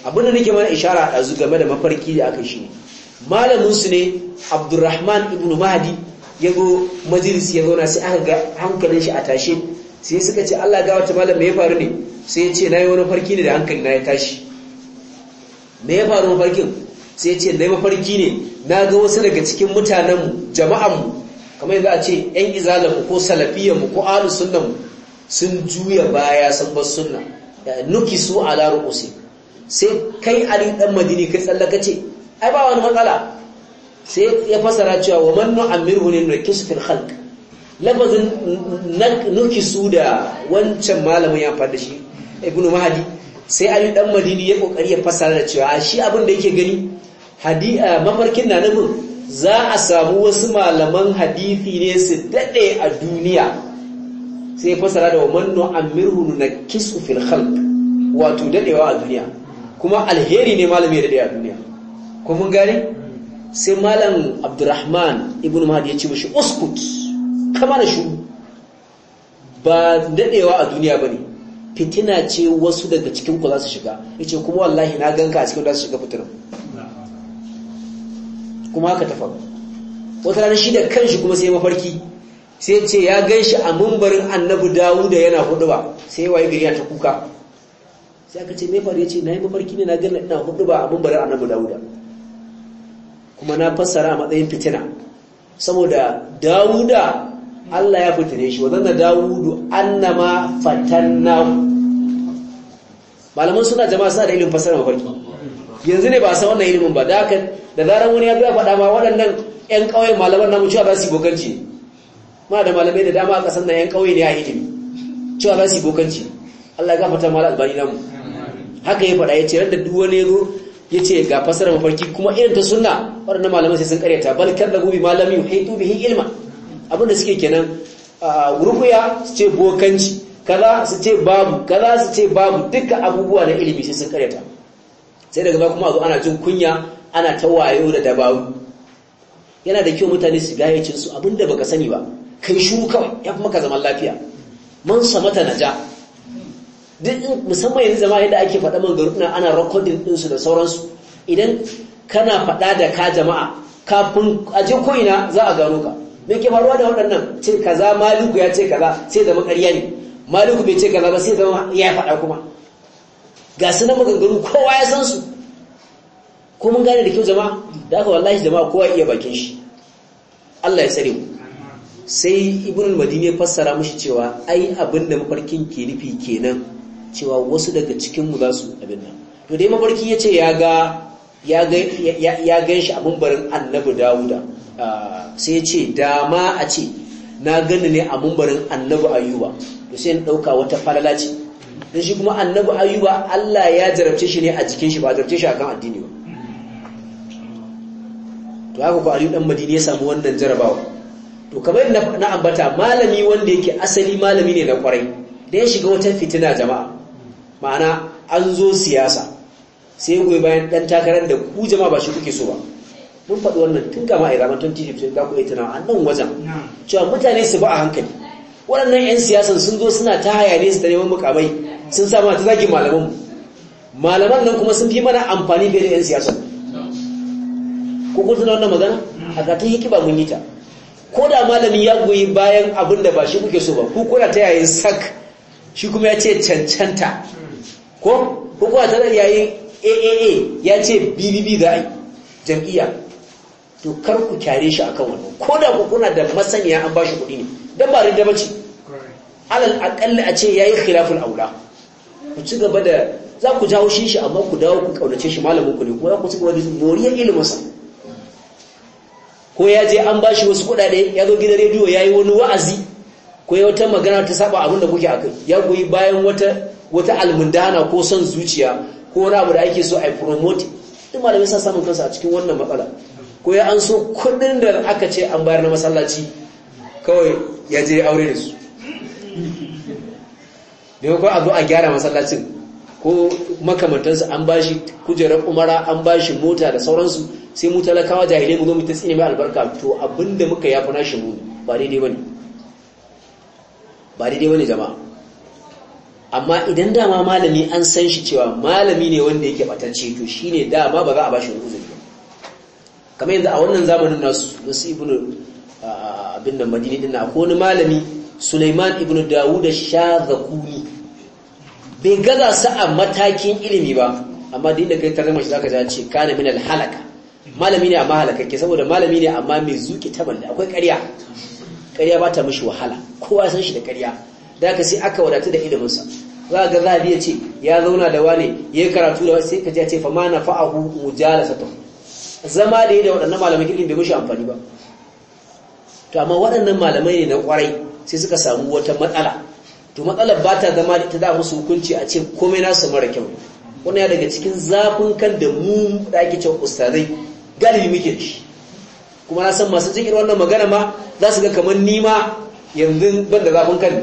S1: abin da nake mana ishara a game da mafarki da aka shi malamin su ne Abdulrahman ibn Mahdi go majalis ya zauna sai aka ga hankalin shi a tashe sai suka ce Allah ga wata malam me ya faru ne sai ya ce nayi wani farki ne da hankali na ya tashi me ya faru mafarkin sai ya ce nayi mafarki ne na ga wasu daga cikin mutanenmu jama'anmu kamar yanzu a ce yan izalanmu ko salafiyanmu ko ahlu sunnanmu sun juya baya sun bar sunna nuki su laru ru'usi sai kai ali dan madini kai tsallaka ce ai ba wani matsala sai ya fasara cewa wa man nu'ammiru ne nukisu fil na lafazin nukisu da wancan malamin ya fada shi ibn mahadi sai ali dan madini ya kokari ya fasara da cewa shi abin da yake gani hadi mafarkin na nufin za a samu wasu malaman hadithi ne su daɗe a duniya sai fasara da waman nu'ammirhu nunakkisu fil khalq wato daɗewa a duniya kuma alheri ne malami ya daɗe a duniya kuma sai malam abdurrahman Ibn mahdi ya ce mashi uskut kama da shu ba daɗewa a duniya ba ne. fitina ce wasu daga cikin ku za su shiga ce kuma wallahi na ganka a cikin da su shiga fitina kuma haka ta faru wata rana shi da kanshi kuma sai mafarki sai ce ya gan shi a mumbarin Annabu dawuda yana hudu ba sai waye gari ta kuka sai aka ce mai faru ya ce na yi mafarki ne na gan ina hudu ba a mumbarin Annabu dawuda kuma na fassara a matsayin fitina saboda dawuda Allah ya fitine shi na dawudu annama fatannahu malaman suna jama'a suna da ilimin fassara mafarki yanzu ne ba a san wannan ilimin ba da haka da zarar wani ya zuwa faɗa ma waɗannan 'yan ƙauye malaman namu cewa za su yi bokanci ma da malamai da dama a ƙasar nan 'yan ƙauye ne a ilimi cewa za su yi bokanci Allah ya gafarta mala albani namu haka ya faɗa ya ce yadda duk wani yazo ya ce ga fasar mafarki kuma irin ta sunna waɗannan malaman sai sun karyata bal kar da gobe malami malamin yuhitu bihi ilma abinda suke kenan ruhuya su ce bokanci kaza su ce babu kaza su ce babu duka abubuwa na ilimi sai sun karyata sai daga kuma kuma zo ana jin kunya ana ta wayo da dabaru yana da kyau mutane su gayyace su abinda baka sani ba kai shu kawai ya fi maka zaman lafiya man samata ja. duk musamman yanzu zama yadda ake faɗa man garuna ana recording ɗinsu da sauransu idan kana faɗa da ka jama'a kafin aje ko'ina za a gano ka me ke faruwa da waɗannan ce kaza maliku ya ce kaza sai zama ƙarya ne maliku bai ce kaza ba sai zama ya faɗa kuma ga su na maganganu kowa ya san su ko mun gane da kyau jama'a da aka wallahi jama'a kowa iya bakin shi Allah ya tsare mu sai ibn madini ya fassara mushi cewa ai abin da mafarkin ke nufi kenan cewa wasu daga cikin mu za su abin nan to dai mafarki yace ya ga ya ga ya ga shi abin barin annabi Dawuda ah, sai yace dama a ce na gani ne a mumbarin annabi Ayuba to sai in dauka wata falala ce dan shi kuma annabi ayyuba Allah ya jarabce shi ne a jikin shi ba jarabce shi akan addini ba to haka ko aliyu dan madini ya samu wannan jarabawa to kamar na ambata malami wanda yake asali malami ne na kwarai da ya shiga wata fitina jama'a ma'ana an zo siyasa sai goyi bayan dan takarar da ku jama'a ba shi kuke so ba mun faɗi wannan tun kama a ranar 2015 za ku yi tunawa a nan wajen cewa mutane su ba a hankali waɗannan 'yan siyasan sun zo suna ta hayane su da neman mukamai sun sa a ta zagin malaman malaman nan kuma sun fi mana amfani fiye da 'yan siyasa ko kun suna wannan magana a ga yi kiba mun yi ta ko da malami ya goyi bayan abin da ba shi kuke so ba ko kuna ta yayin sak shi kuma ya ce cancanta ko ku kuna ta yayin aaa ya ce bbb za a yi jam'iyya to kar ku kyare shi akan wannan ko da ku kuna da masaniya an ba shi kuɗi ne don ba rinda bace alal akalla a ce ya yi khilafin aula ku ci gaba da za ku jawo shi shi amma ku dawo ku kaunace shi malamin ku ne kuma ku ci gaba da moriya ilimin sa ko ya je an ba shi wasu kuɗaɗe ya zo gidan rediyo ya yi wani wa'azi ko ya wata magana ta saba abin da kuke a kai ya goyi bayan wata wata almundana ko son zuciya ko wani abu da ake so a promote duk malamai sa samun kansa a cikin wannan matsala ko ya an so kuɗin da aka ce an bayar na masallaci kawai ya je aure da su da ko a zo a gyara masallacin ko makamantansu an ba shi kujerar umara an ba shi mota da sauransu sai mu talakawa jahilai mu zo mu ta tsine mai albarka to abinda muka yafi shi mu ba daidai bane ba daidai bane jama'a amma idan dama malami an san shi cewa malami ne wanda yake batacce to shine dama ba za a ba shi uzuri ba kamar yanzu a wannan zamanin nasu nasu ibn ah, abin nan madini din ko wani malami Sulaiman ibn Dawud ash bai gaza su a matakin ilimi ba amma da inda kai tarzama shi zaka ji ce kana min halaka malami ne amma halakakke saboda malami ne amma mai zuki taban da akwai ƙarya ƙarya ba ta mishi wahala kowa san shi da karya. da ka sai aka wadatu da iliminsa za ga za ya ce ya zauna da wane ya karatu da sai ka ji ce fa ma nafa'ahu mujalasatu zama da yi da waɗannan malamai ilimi bai mishi amfani ba to amma waɗannan malamai ne na ƙwarai sai suka samu wata matsala to matsalar ba ta zama da ita za musu hukunci a ce komai nasu mara kyau wani ya daga cikin zafin kan da mu da ake cewa ustazai galibi muke shi kuma na san masu jin irin wannan magana ma za su ga kamar nima yanzu ban da zafin kan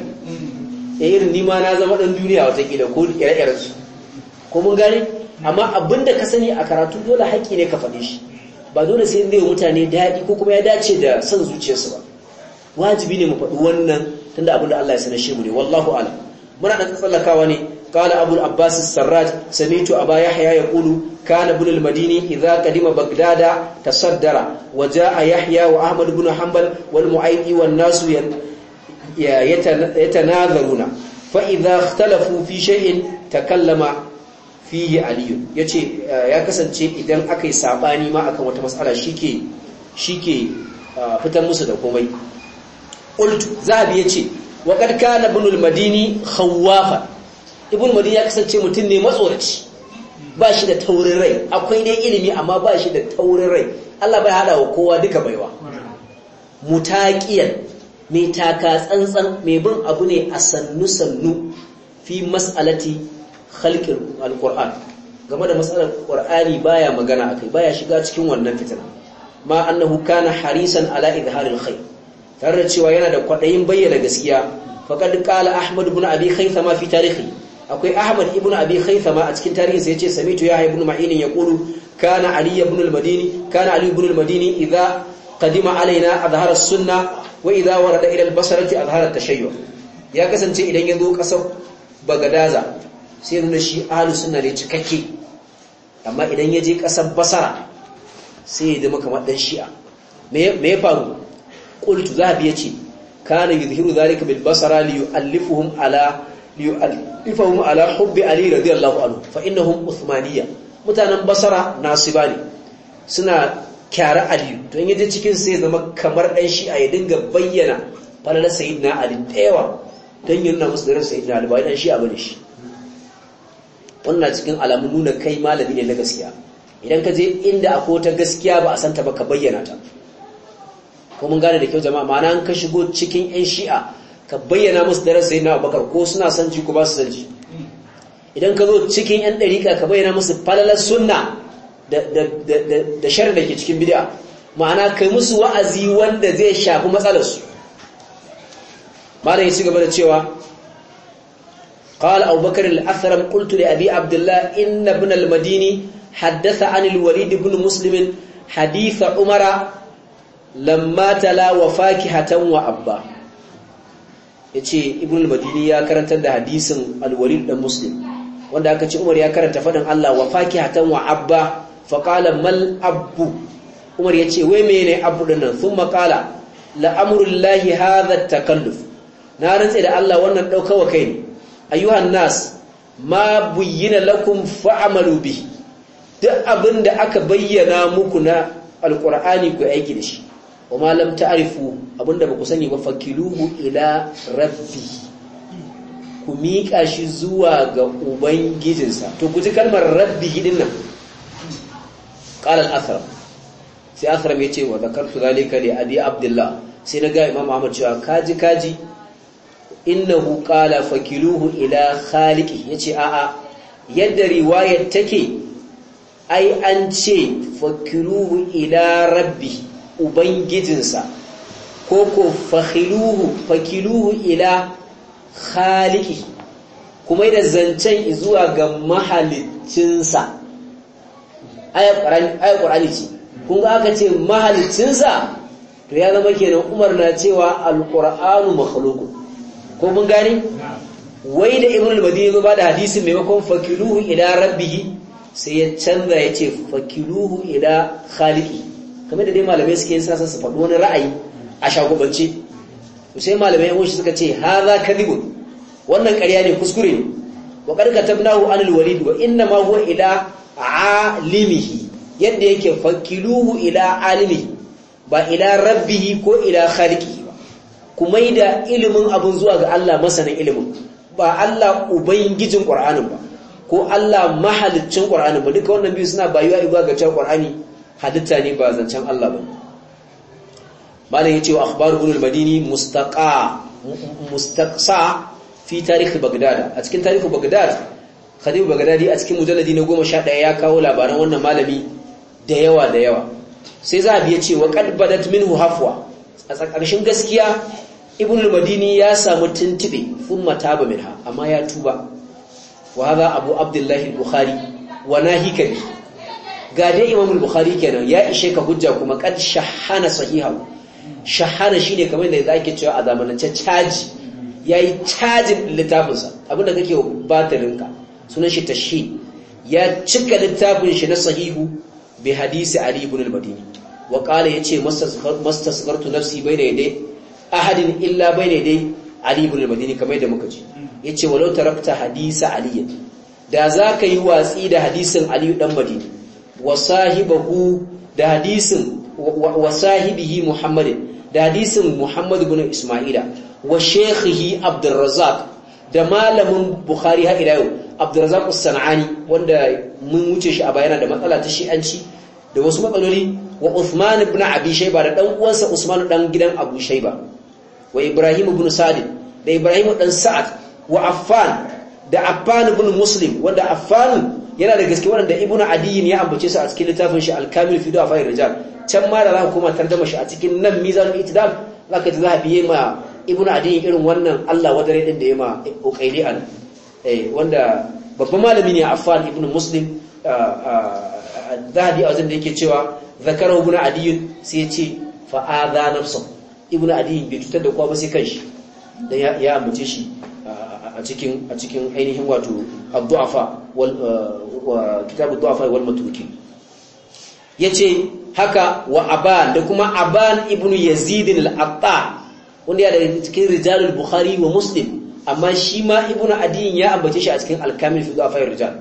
S1: ya eh, irin nima na zama ɗan duniya ƙila ko ire-iren su ko mun gane amma abin da ka sani a karatu dole haƙƙi ne ka faɗi shi ba dole sai zai mutane daɗi ko kuma ya dace da son zuciyarsu ba wajibi ne mu faɗi wannan tunda abin Allah ya sanar ne wallahu alam muna da tsallakawa ne qala abu al-abbas sarraj sami'tu aba yahya yaqulu kana ibn al-madini idha qadima baghdada tasaddara wa jaa yahya wa ahmad ibn hanbal wal mu'ayyi wan nasu yatanadharuna fa idha ikhtalafu fi shay'in takallama fihi aliyu yace ya kasance idan akai sabani ma akan wata mas'ala shike shike ah, fitar musu da komai qultu zahabi yace wa qad kana ibn al-madini khawafa ibn madini ya kasance mutum ne matsoraci ba shi da taurin rai akwai dai ilimi amma ba shi da taurin rai Allah bai hada wa kowa duka baiwa mutaqiyan mai taka tsantsan mai bin abu ne a sannu-sannu fi mas'alati halkin alkur'an game da matsalar ƙwar'ani baya magana a kai baya shiga cikin wannan fitina ma annahu kana harisan ala izharil khair tare da cewa yana da kwaɗayin bayyana gaskiya faqad qala ahmad ibn abi khaythama fi tarihi akwai ahmad ibn abi khaythama a cikin tarihin sa yace samitu ya ibn ma'in yaqulu kana ali ibn al-madini kana ali ibn al-madini idha qadima alaina azhara as-sunna wa idha warada ila al-basrati azhara at-tashayyu ya kasance idan yazo kasar bagadaza sai nuna shi ahlus sunna ne cikakke amma idan yaje kasar basara sai ya zama kamar dan shi'a me me faru qultu zabi yace kana yuzhiru zalika bil basara li yu'allifuhum ala li yu'allifahum ala hubbi ali radiyallahu anhu fa innahum usmaniyya mutanen basara nasibani suna kyara ali to in yaje cikin sai zama kamar dan shi ya dinga bayyana falalar sayyidina ali tayawa dan yana musu da sayyidina ali shi a bane shi wannan cikin alamun nuna kai malami ne na gaskiya idan ka je inda akwai ta gaskiya ba a santa ba ka bayyana ta ko mun gane da kyau jama'a ma'ana an ka shigo cikin yan shi'a ka bayyana musu darasai na abubakar ko suna son ji ko ba su son ji idan ka zo cikin yan dariƙa ka bayyana musu falalar sunna da shari da ke cikin bid'a ma'ana kai musu wa'azi wanda zai shafi matsalarsu malam ya ci gaba da cewa قال أبو بكر الأثرم قلت لأبي عبد الله إن ابن المديني حدث عن الوليد بن مسلم حديث عمر lamma tala wa fakihatan wa abba yace ibnu al-madini ya karantar da hadisin al-walid dan muslim wanda aka ce umar ya karanta fadin Allah wa fakihatan wa abba fa mal abbu umar yace wai mene abu din nan thumma qala la amrullahi hadha at-takalluf na rantse da Allah wannan wa kai ne ayyuhan nas ma buyyina lakum fa'amalu bihi duk abinda aka bayyana muku na alqur'ani ku aiki da shi wa malam lam ta'rifu abinda ba ku sani ba fakiluhu ila rabbi ku miƙa shi zuwa ga ubangijinsa to ku ji kalmar rabbi din nan qala al-athram sai athram yace wa zakartu zalika li abi abdullah sai na ga imam ahmad cewa kaji kaji innahu qala fakiluhu ila khaliqi yace a'a yadda riwayar take ai an ce fakiluhu ila rabbi ubangijinsa ko ko fakiluhu fakiluhu ila khaliki kuma da zancen zuwa ga mahalicinsa ayat qur'ani ce kun ga aka ce mahalicinsa to ya zama kenan umar na cewa alqur'anu makhluq ko mun gane wai da ibn al-madini zo ba da hadisi maimakon fakiluhu ila rabbihi sai ya canza ya ce fakiluhu ila khaliqi kamar da dai malamai suke yin sasa su faɗi wani ra'ayi a shagubance sai malamai shi suka ce ha za ka kadhibun wannan ƙarya ne kuskure ne wa qad katabnahu an al-walid wa inna ma huwa ila alimihi yadda yake fakiluhu ila alimihi ba ila rabbihi ko ila khaliqihi ba kuma da ilimin abun zuwa ga Allah masanin ilimin ba Allah ubangijin Qur'anin ba ko Allah mahalicin Qur'anin ba duka wannan biyu suna bayuwa igwa ga cewa Qur'ani halitta ne ba zancen Allah ba malam ce wa akhbar ulul madini mustaqa mustaqsa fi tarikh bagdad a cikin tarihi bagdad khadib bagdadi a cikin mujalladi na 11 ya kawo labaran wannan malami da yawa da yawa sai za a biya cewa qad badat minhu hafwa a tsakarshin gaskiya ibn madini ya samu tintibe thumma taba minha amma ya tuba wa hadha abu Abdullahi al-bukhari wa nahika ga dai imam bukhari kenan ya ishe ka hujja kuma kad shahana sahiha shahana shine kamar da zaki cewa a zamanance caji yayi cajin littafinsa abinda kake batirinka sunan shi tashhid ya cika littafin shi na sahihu bi hadisi ali ibn al-madini wa qala yace mastasghartu nafsi bayna yaday ahadin illa bayna yaday ali ibn al-madini kamar da muka ji yace walau tarakta hadisa ali da zaka yi watsi da hadisin ali dan madini wa da sahibihi muhammadin da hadisin muhammad ibn isma'ila wa shekhihi abdurrazzaq da malamin bukhari ha ila yau abdurrazzaq as-sanani wanda mun wuce shi a bayana da matsala ta shi'anci da wasu matsaloli wa uthman ibn abi shayba da dan uwansa usman dan gidan abu shayba wa ibrahim ibn sa'd da ibrahim dan sa'ad wa affan da affan ibn muslim wanda affan yana da gaske wanda ibnu adiyin ya ambace su a cikin littafin shi al-kamil fi du'afa rijal can ma da za ku koma tarjuma shi a cikin nan mizanul itidal zaka ji zahabi yayi ma ibnu adiyin irin wannan Allah wadare din da yayi ma uqaili an eh wanda babban malami ne affan ibnu muslim zahabi a wajen da yake cewa zakara ibnu adiyin sai ya ce fa adha nafsuhu ibnu adiyin bai cutar da kowa ba sai kanshi dan ya ambace shi a cikin a cikin ainihin wato ad-du'afa wal uh, kitab ad wal matuki yace haka wa aban da kuma aban ibnu yazid al-atta wanda ya daga cikin rijalul bukhari wa muslim amma shi ma ibnu adiyin ya ambace shi a cikin al-kamil fi du'afa rijal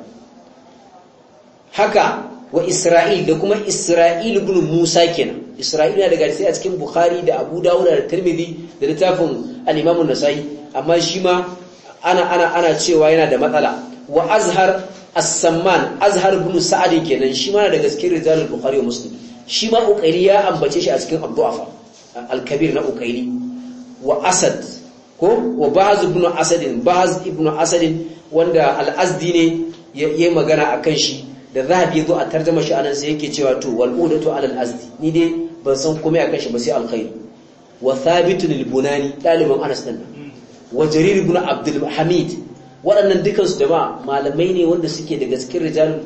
S1: haka wa isra'il da kuma isra'il ibn musa kenan isra'il na daga cikin a cikin bukhari da abu dawud da tirmidhi da littafin al-imam an-nasai amma shi ma ana ana ana cewa yana da matsala wa azhar as-samman azhar ibn sa'd kenan shi ma daga cikin rijal bukhari wa muslim shi ma uqayli ya ambace shi a cikin abdu'afa al-kabir na uqayli wa asad ko wa ba'z ibn asad ba'z ibn asad wanda al-azdi ne yayi magana akan shi da zahabi zo a tarjuma shi anan sai yake cewa to wal udatu ala al-azdi ni dai ban san komai akan shi ba sai al-khair wa thabitun al-bunani daliban anas din wa jarir ibn abdul hamid waɗannan dukansu da ba malamai ne wanda suke da gaskin rijal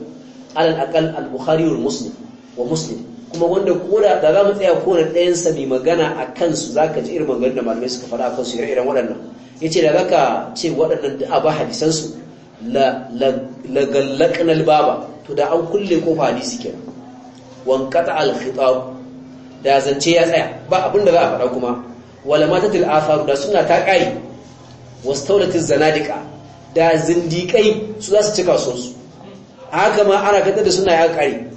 S1: alal aqal al bukhari wal muslim wa muslim kuma wanda koda da za mu tsaya kowane ɗayan sa mai magana a kansu zaka ji irin maganganun da malamai suka faɗa a su irin waɗannan ce da zaka ce waɗannan da ba hadisan su la la gallaqna to da an kulle kofa hadisi kenan wan qata al da zance ya tsaya ba abin da za a faɗa kuma wala matatil afar da suna ta ƙari wastaulatin zanadika da zindikai su za su cika su haka ma ana kaddar da suna yaƙari. kare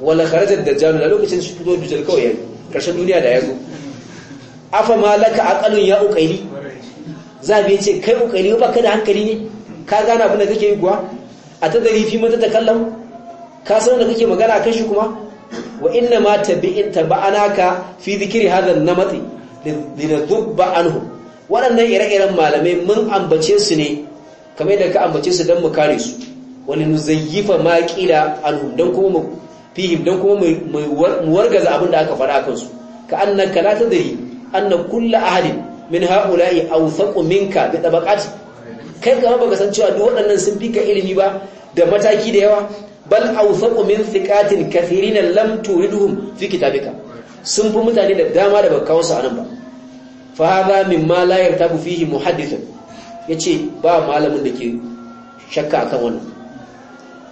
S1: wala kharajar dajjal da lokacin shi fito dujal kawai ya karshen duniya da ya zo afa malaka aqalun ya uqaili zabi yace kai uqaili ba ka da hankali ne ka gane abin da kake yi kuwa a tadari fi mata kallon? ka san da kake magana kan shi kuma wa inna ma tabi'in ka fi dhikri hadha an-namati linadhubba anhu waɗannan ire-iren malamai mun ambace su ne kamar da ka ambace su don mu kare su wani nuzayyifa ma kila anhum don kuma mu fihim don kuma mu wargaza abin da aka faɗa akan su ka ta la an na kulla ahalin min haula'i awthaqu minka da tabaqati kai kama baka san cewa duk waɗannan sun fi ka ilimi ba da mataki da yawa bal awthaqu min fiƙatin kafirina lam turiduhum fi kitabika sun fi mutane da dama da baka kawo su nan ba fa min ma la yartabu fihi muhaddith yace ba malamin da ke shakka akan wannan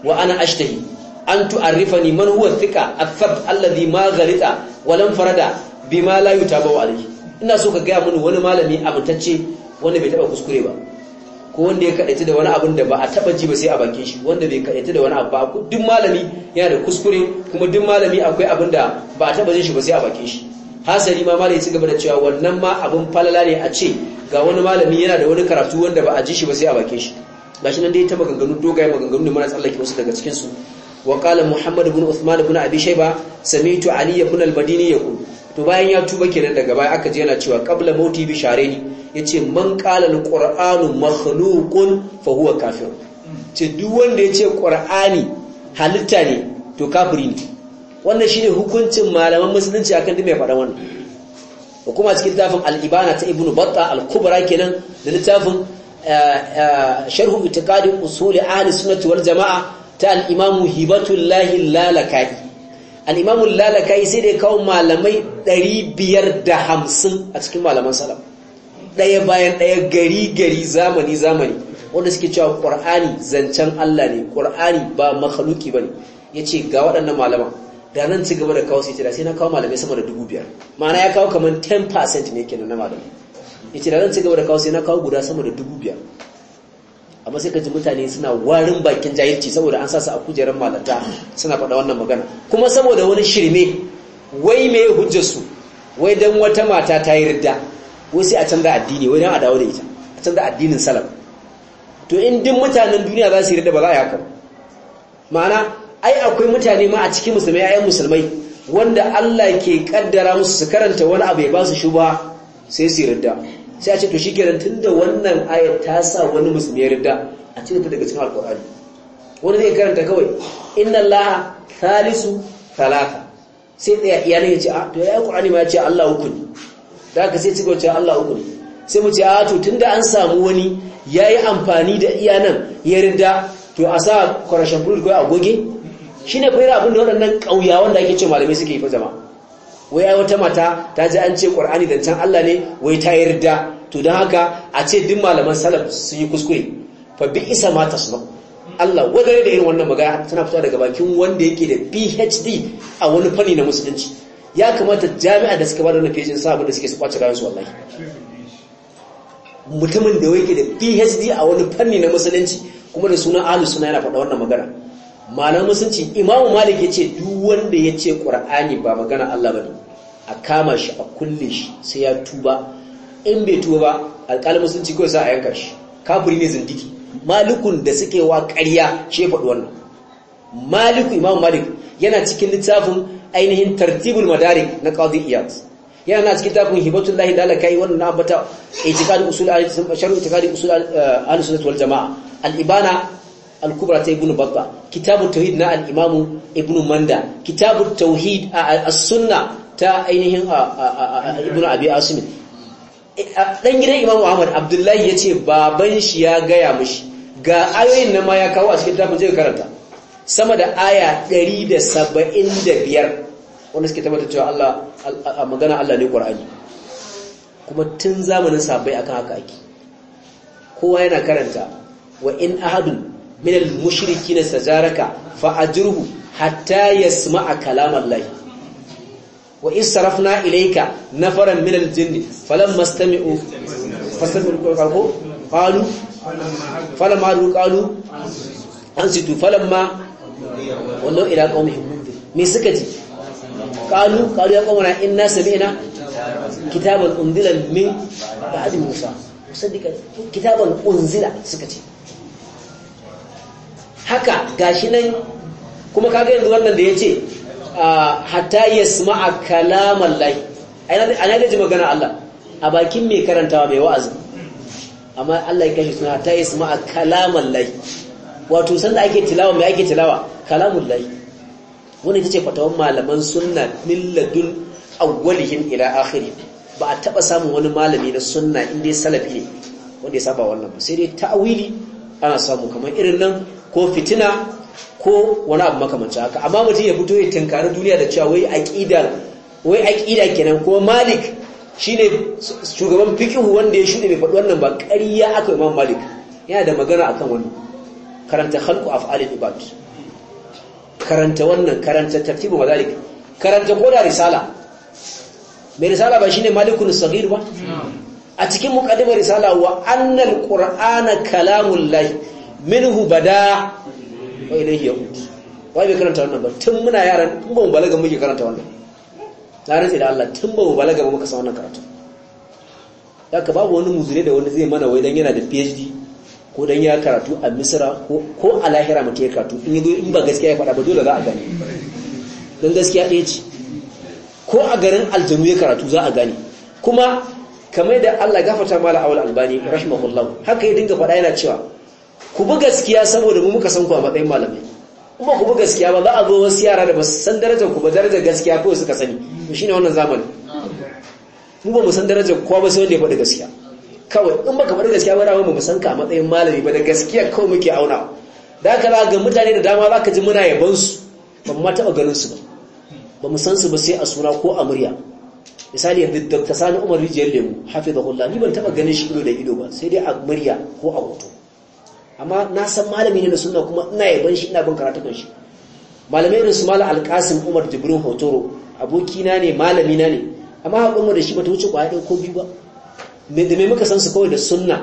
S1: wa ana ashtahi an tu'arrifani man huwa thiqa athab alladhi ma ghalita wa lam farada bima la yutabawu alayhi ina so ka gaya mini wani malami amintacce wanda bai taba kuskure ba ko wanda ya kadaita da wani abin da ba a taba ji ba sai a bakin shi wanda bai kadaita da wani abu ba duk malami yana da kuskure kuma duk malami akwai abin da ba a taba jin shi ba sai a bakin shi hasari ma malai ci gaba da cewa wannan ma abin falala ne a ce ga wani malami yana da wani karatu wanda ba a ji shi ba sai a bakin shi gashi nan dai ta maganganu dogaye maganganu ne mana tsallake wasu daga cikin su wa qala muhammad ibn uthman ibn abi shayba sami'tu ali ibn al-madini yaqul to bayan ya tuba kenan daga baya aka ji yana cewa qabla mauti bi shareni yace man qala al-qur'anu makhluqun fa huwa kafir ce duk wanda yace qur'ani halitta ne to kafiri ne wannan shine hukuncin malaman musulunci akan dume mai faɗa wannan hukuma cikin littafin al-ibana ta ibnu batta al-kubra kenan da littafin eh, eh, sharhu itiqadi usuli ahli sunnati wal jamaa ta al-imamu hibatullahi lalakai al-imamu lalakai sai da kawo malamai 550 a cikin malaman salaf daya bayan daya gari gari zamani zamani wanda suke cewa qur'ani zancen Allah ne qur'ani ba makhluki bane yace ga waɗannan malaman da nan ci gaba da kawo su ce da sai na kawo malamai sama da dubu biyar ma'ana ya kawo kamar 10% ne kenan na malamai ya da nan ci gaba da kawo sai na kawo guda sama da dubu biyar amma sai ka ji mutane suna warin bakin jahilci saboda an sa su a kujerar malata suna faɗa wannan magana kuma saboda wani shirme wai me hujjar su wai dan wata mata ta yi ridda wai sai a canza addini wai dan a dawo da ita a canza addinin salam to in duk mutanen duniya za su yi ridda ba za a yi haka ma'ana ai akwai mutane ma a cikin musulmai ayan musulmai wanda Allah ke kaddara musu su karanta wani abu ya ba su shuba sai su yarda sai a ce to shikenan tunda wannan ayat ta sa wani musulmi ya yarda a cikin ta daga cikin alqur'ani wani zai karanta kawai inna allaha thalisu thalatha sai tsaya iyalin ya ce a ah, to ya qur'ani ma ya ce Allah hukun? da haka sai cigaba cewa Allah hukun? sai mu ce a ah, to tunda an samu wani yayi amfani da iyanan ya yarda to a sa correction proof ko a goge ne fa abin da waɗannan ƙauyawan da ake ce malamai suke yi fa jama'a wai wata mata ta ji an ce ƙwar'ani da can Allah ne wai ta yarda to don haka a ce din malaman salaf su yi kuskure fa bi isa ma tasma Allah wadare da irin wannan magana tana fita daga bakin wanda yake da PhD a wani fanni na musulunci ya kamata jami'a da suka bada wannan PhD sa abin da suke su kwace gawansu wallahi mutumin da yake da PhD a wani fanni na musulunci kuma da sunan alu suna yana faɗa wannan magana ma'anar musulunci imamu malik ya ce duk wanda ya ce ƙur'ani ba magana allah ba ne a kama shi a kulle shi sai ya tuba in bai tuba ba alƙalin musulunci kawai sa a yanka shi kafiri ne zindiki malikun da suke wa ƙarya shi ya faɗi wannan maliku imamu malik yana cikin littafin ainihin tartibul madarik na qadi iyad yana na cikin tafin hibatullahi da alakai wannan na ambata itiqadi usul al-sunnah sharh itiqadi usul al-sunnah wal jamaa al-ibana al-kubra ta ibnu babba kitabu tauhid na al-imam ibnu manda kitabu tauhid as-sunna ta ainihin ibnu abi asim e, dan gidan imam ahmad abdullahi yace baban shi ya gaya mushi ga ayoyin nan ma ya kawo a cikin tafin zai karanta sama da aya 175 wanda suke tabbata cewa Allah magana Allah ne Qur'ani kuma tun zamanin sabai akan haka ake kowa yana karanta wa in ahadun min al-mushrikina sajaraka fa ajruhu hatta yasma'a kalam Allah wa in sarafna ilayka nafaran min al-jinn falamma istami'u fastami'u qalu qalu falamma qalu ansitu falamma wallahu ila qaumihim me suka ji qalu qalu ya qaumana inna sami'na kitaban unzila min ba'di musa musaddiqan kitaban unzila suka ce haka gashi nan kuma kaga yanzu wannan da ya ce ah, hatta ya a kalaman lahi a na da ji magana Allah a bakin mai karantawa mai wa'azi amma Allah ya kashe suna hatta ya a kalaman wato sanda ake tilawa mai ake tilawa kalaman lahi wani ta ce fatawan malaman sunna milladun awwalihim ila akhiri ba a taba samun wani malami na sunna inda ya salafi ne wanda ya saba wannan ba sai dai ta'awili ana samu kamar irin nan ko fitina ko wani abu makamancin haka amma mutum ya fito ya tankari duniya da cewa wai a wai kenan kuma malik shine shugaban fikihu wanda ya shuɗe mai faɗi wannan ba ƙarya aka yi malik yana da magana akan wani. karanta a fa’alin ibad karanta wannan karanta tartibu mazalik karanta ko da risala mai risala ba shine malikun sahir ba a cikin muqaddimar risala wa annal kalamun kalamullahi minhu bada wa ilayhi yaqut wai bai karanta wannan ba tun muna yaran tun ba mu balaga muke karanta wannan na rantsi da Allah tun ba mu balaga ba muka san wannan karatu haka babu wani muzure da wani zai mana wai dan yana da PhD ko dan ya karatu a Misra ko ko a lahira mutum ya karatu in yi in ba gaskiya ya faɗa ba dole za a gane don gaskiya ɗaya ce ko a garin aljanu ya karatu za a gane kuma kamar da Allah gafarta mala awal albani rahimahullahu haka ya dinga faɗa yana cewa ku bi gaskiya saboda mu muka san ku a matsayin malamai kuma ku bi gaskiya ba za a zo wasu yara da ba su san darajar ku ba darajar gaskiya kawai suka sani shine wannan zamani mu ba mu san darajar kowa ba sai wanda ya faɗi gaskiya kawai in ba ka faɗi gaskiya ba da mu san ka a matsayin malami ba da gaskiya kawai muke auna da haka za ga mutane da dama za ka ji muna yabon su ba mu taɓa ganin su ba ba mu san su ba sai a suna ko a murya misali yanzu dr sani umar rijiyar lemu hafizahullah ni ban taɓa ganin shi ido da ido ba sai dai a murya ko a hoto amma na san malami ne na suna kuma ina yaban shi ina bin karatukan shi malamai irin su malam alkasim umar jibrin hotoro abokina ne malami na ne amma haƙon da shi bata wuce kwaya ko biyu ba da me muka san su kawai da sunna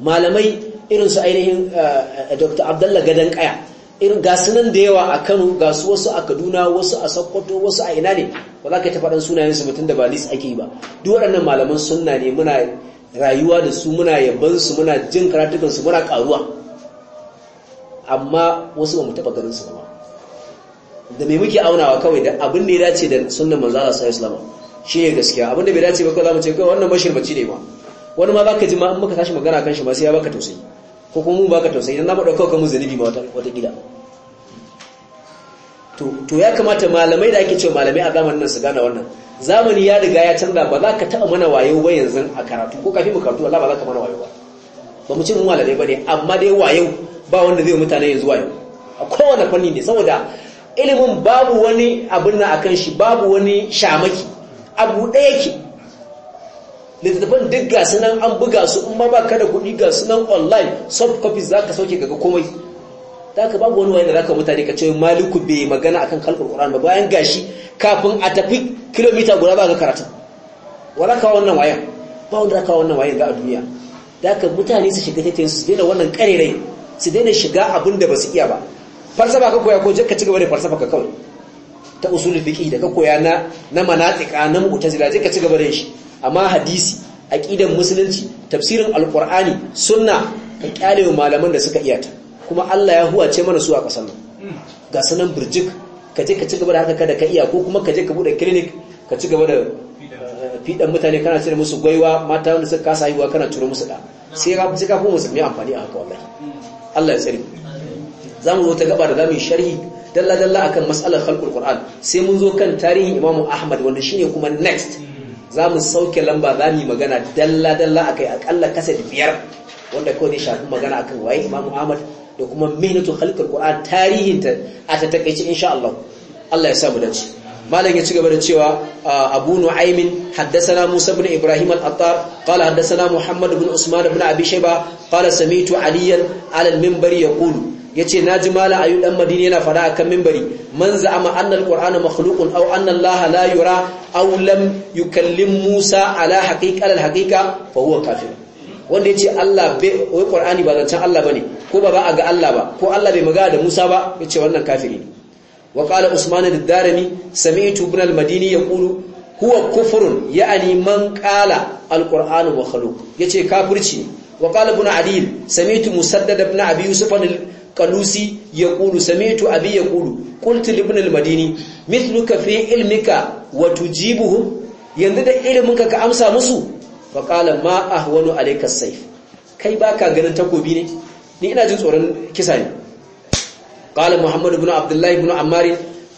S1: malamai irin su ainihin eh, eh, dr abdallah gadon kaya irin ga sunan da yawa a kano ga su wasu a kaduna wasu a sokoto wasu a ina ne ba za ka ta sunayen sunayensu mutum da ba lis ake yi ba duk waɗannan malaman sunna ne muna rayuwa da su muna yabansu muna jin karatukansu muna karuwa amma wasu ba mu taba ganin su ba da mai muke aunawa kawai da abin da ya dace da sunan manzo Allah sallallahu alaihi wasallam shine gaskiya abin da bai dace ba ko zamu ce kai wannan mashirbaci ne ba wani ma baka ji ma an muka tashi magana kan shi ma sai ya baka tausayi ko kuma mu baka tausayi idan na faɗa kawai kamun zanibi ma wata wata gida to to ya kamata malamai da ake cewa malamai a zamanin nan su gane wannan zamani ya riga ya canza ba za ka taɓa mana wayo ba yanzu a karatu ko kafin mu Allah ba za ka mana wayo ba ba mu ci mu malamai ba ne amma dai wayo ba wanda zai mutane yanzu wayo a kowane fanni ne saboda ilimin babu wani abin na akan shi babu wani shamaki abu ɗaya yake littattafan duk ga nan an buga su in ma ba ka da kuɗi ga nan online soft copies za ka sauke kaga komai da ka babu wani wani da zaka mutane ka ce maliku bai magana akan kalkul qur'an ba bayan gashi kafin a tafi kilomita guda ba ga karatu wala ka wannan wayan ba wanda ka wannan wayan ga a duniya da ka mutane su shiga taitayin su daina wannan karerai su daina shiga abinda da ba su iya ba falsafa ka koya ko je ka ci gaba da falsafa ka kawai ta usulul fiqi da ka koya na na manatika na mu'tazila je ka ci gaba da shi amma hadisi aqidan musulunci tafsirin alqur'ani sunna ka kyalewa malaman da suka iya ta kuma Allah ya huwace mana su a ƙasar nan ga sanan burjik ka je ka ci gaba da haka kada ka iya ko kuma ka je ka bude clinic ka ci gaba da eh, fidan mutane kana cire musu gwaiwa mata wanda suka kasa haihuwa kana turo musu da sai ka ci gaba musu musulmi amfani a haka wallahi Allah ya tsare mu zo ta gaba da zamu sharhi dalla dalla akan mas'alar khalqul qur'an sai mun zo kan tarihin imamu ahmad wanda shine kuma next za mu sauke lamba za mu yi magana dalla dalla akai akalla kasa biyar wanda kawai ne shafi magana akan waye imamu ahmad da kuma mihnatu khalqul qur'an tarihinta a ta takeice insha Allah Allah ya sa mu dace malam ya ci gaba da cewa Abu Nu'aym haddathana Musa ibn Ibrahim al-Attar qala haddathana Muhammad ibn Usman ibn Abi Shayba qala sami'tu Aliyan 'ala al-minbar yaqulu yace naji mala ayu dan madina yana fada akan minbari man za'ama anna al-qur'ana makhluqun aw anna Allah la yura aw lam yukallim Musa ala haqiqa al-haqiqa fa huwa kafir wanda ya ce Allah wai ƙwar'ani ba zancen Allah ba ne ko ba ba a ga Allah ba ko Allah bai magana da Musa ba ya ce wannan kafiri ne wa ƙala usman da darami sami'tu ibn al-madini ya kulu huwa kufrun ya'ani man ƙala al-qur'anu wa khaluq yace kafirci wa qala ibn adil sami'tu musaddad ibn abi yusuf al ya kulu sami'tu abi ya kulu qultu ibn al-madini fi ilmika wa tujibuhum yanzu da iliminka ka amsa musu fa qala ma ahwanu alayka sayf kai baka ganin takobi ne ni ina jin tsoron kisa ne qala muhammad ibn abdullah ibn ammar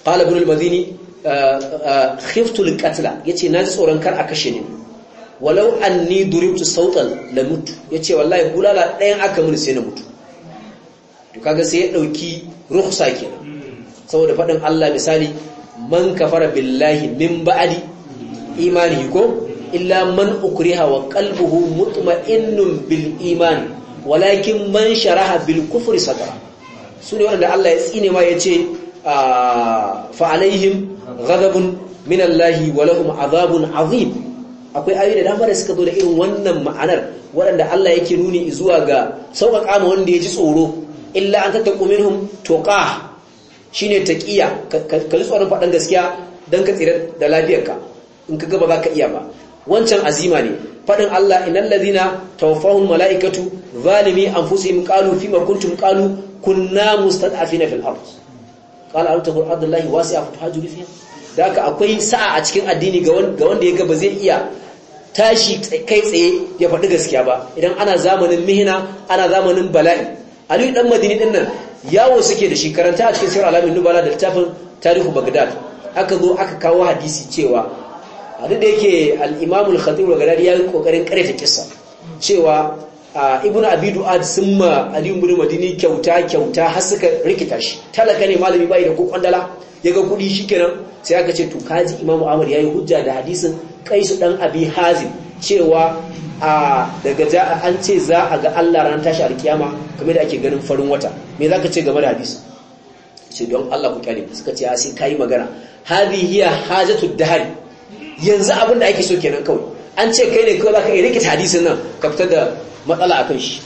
S1: qala ibn al-madini ah, ah, khiftu al-qatla yace na ji tsoron kar a kashe ni walau anni duribtu sautan la mutu ce wallahi bulala ɗayan aka mun sai na mutu to kaga sai ya dauki rukhsa kenan saboda faɗin Allah misali man kafara billahi min ba'adi imani ko illa man ukriha wa qalbuhu mutma'innun bil iman walakin man sharaha bil kufri sadra sune wanda Allah ya tsine ma yace ah, fa alaihim ghadabun min Allah wa lahum adhabun akwai ayoyi da dama da suka zo da irin wannan ma'anar waɗanda Allah yake nuni zuwa ga sauƙaƙa ma wanda ya ji tsoro illa an tattaku minhum toqa shine taqiya ka tsoron faɗan gaskiya dan ka tsira da lafiyarka in ka gaba za ka iya ba wancan azima ne fadin Allah innal ladhina tawaffahum malaikatu zalimi anfusihim qalu fima kuntum qalu kunna mustad'afina fil ard qala alam takun ardullahi wasi'a fatahajuru fiha daka akwai sa'a a cikin addini ga wanda ya ga ba zai iya tashi kai tsaye ya faɗi gaskiya ba idan ana zamanin mihina ana zamanin bala'i aliyu dan madini din nan yawo suke da shi karanta a cikin sirar alamin nubala da littafin tarihu bagdad aka zo aka kawo hadisi cewa a da yake al'imamul khatibu gadari ya yi kokarin karfe kisa cewa ibn abidu ad sun ma aliyun bin madini kyauta kyauta har suka rikita shi talaka ne malami bai da ko dala ya ga kuɗi shi kenan sai aka ce to kaji imamu amur ya yi hujja da hadisin su dan abi hazin cewa a daga an ce za a ga Allah ran tashi alkiyama kamar da ake ganin farin wata me za ka ce game da hadisi ce don Allah ku kyale suka ce sai kayi magana hadhihi hiya hajatu dahari yanzu abin ake so kenan kawai an ce kai ne kawai za ka iri rikita hadisin nan ka fitar da matsala a kan shi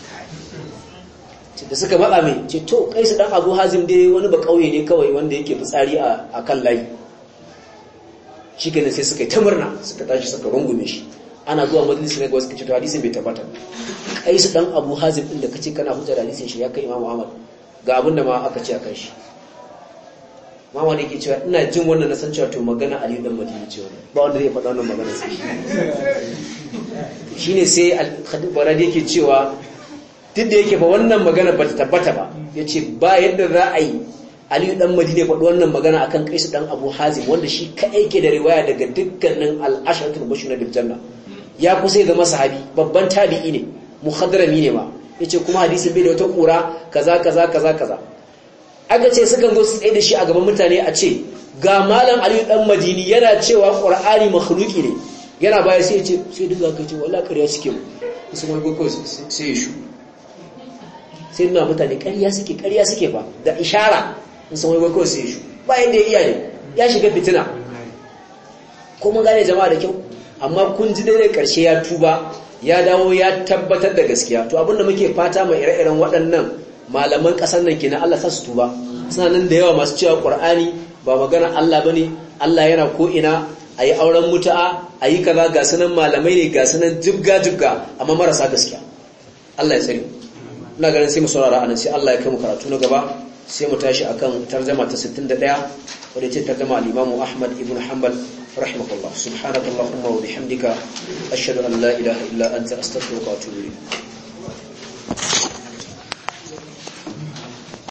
S1: da suka matsa mai ce to kai su dan abu hazim dai wani ba kauye ne kawai wanda yake fitsari a kan layi shi sai suka yi ta murna suka tashi suka rungume shi ana zuwa majalisa ga wasu kace to hadisin bai tabbata kai su dan abu hazim din da kace kana hujjar hadisin shi ya kai imamu ahmad ga abin da ma aka ce a kan shi mama da ke cewa ina jin wannan na san cewa to magana aliyu dan madina cewa ba wanda zai faɗa wannan magana sai ne sai al-khatib baradi yake cewa duk da yake ba wannan magana ba ta tabbata ba yace ba yadda za a yi aliyu dan madina faɗi wannan magana akan kaisu dan abu hazim wanda shi kaɗai ke da riwaya daga dukkanin al-ashratul bashir bil janna ya kusa ya zama sahabi babban tabi'i ne muhadrami ne ma yace kuma hadisin bai da wata kura kaza kaza kaza kaza aka ce sukan zo su tsaye da shi a gaban mutane a ce ga malam aliyu dan madini yana cewa qur'ani makhluki ne yana baya sai ce sai duk zaka ce wallahi ƙarya suke mu su mai goko sai ya shu sai nuna mutane ƙarya suke ƙarya suke ba da ishara su mai goko sai ya shu bayan da ya iya ne ya shiga fitina ko mun gane jama'a da kyau amma kun ji daidai karshe ya tuba ya dawo ya tabbatar da gaskiya to abinda muke fata mai ire-iren waɗannan malaman ƙasar nan kenan Allah sasu tuba suna nan da yawa masu cewa Qur'ani ba magana Allah bane Allah yana ko ina ayi auren mutu'a ayi kaza ga sunan malamai ne ga sunan jibga jibga amma marasa gaskiya Allah ya tsare ina ganin sai mu saurara anan sai Allah ya kai mu karatu na gaba sai mu tashi akan tarjuma ta 61 wadda ce ta a imam Ahmad ibn Hanbal rahimahullah subhanallahi wa bihamdika ashhadu an la ilaha illa anta astaghfiruka wa atubu ilayk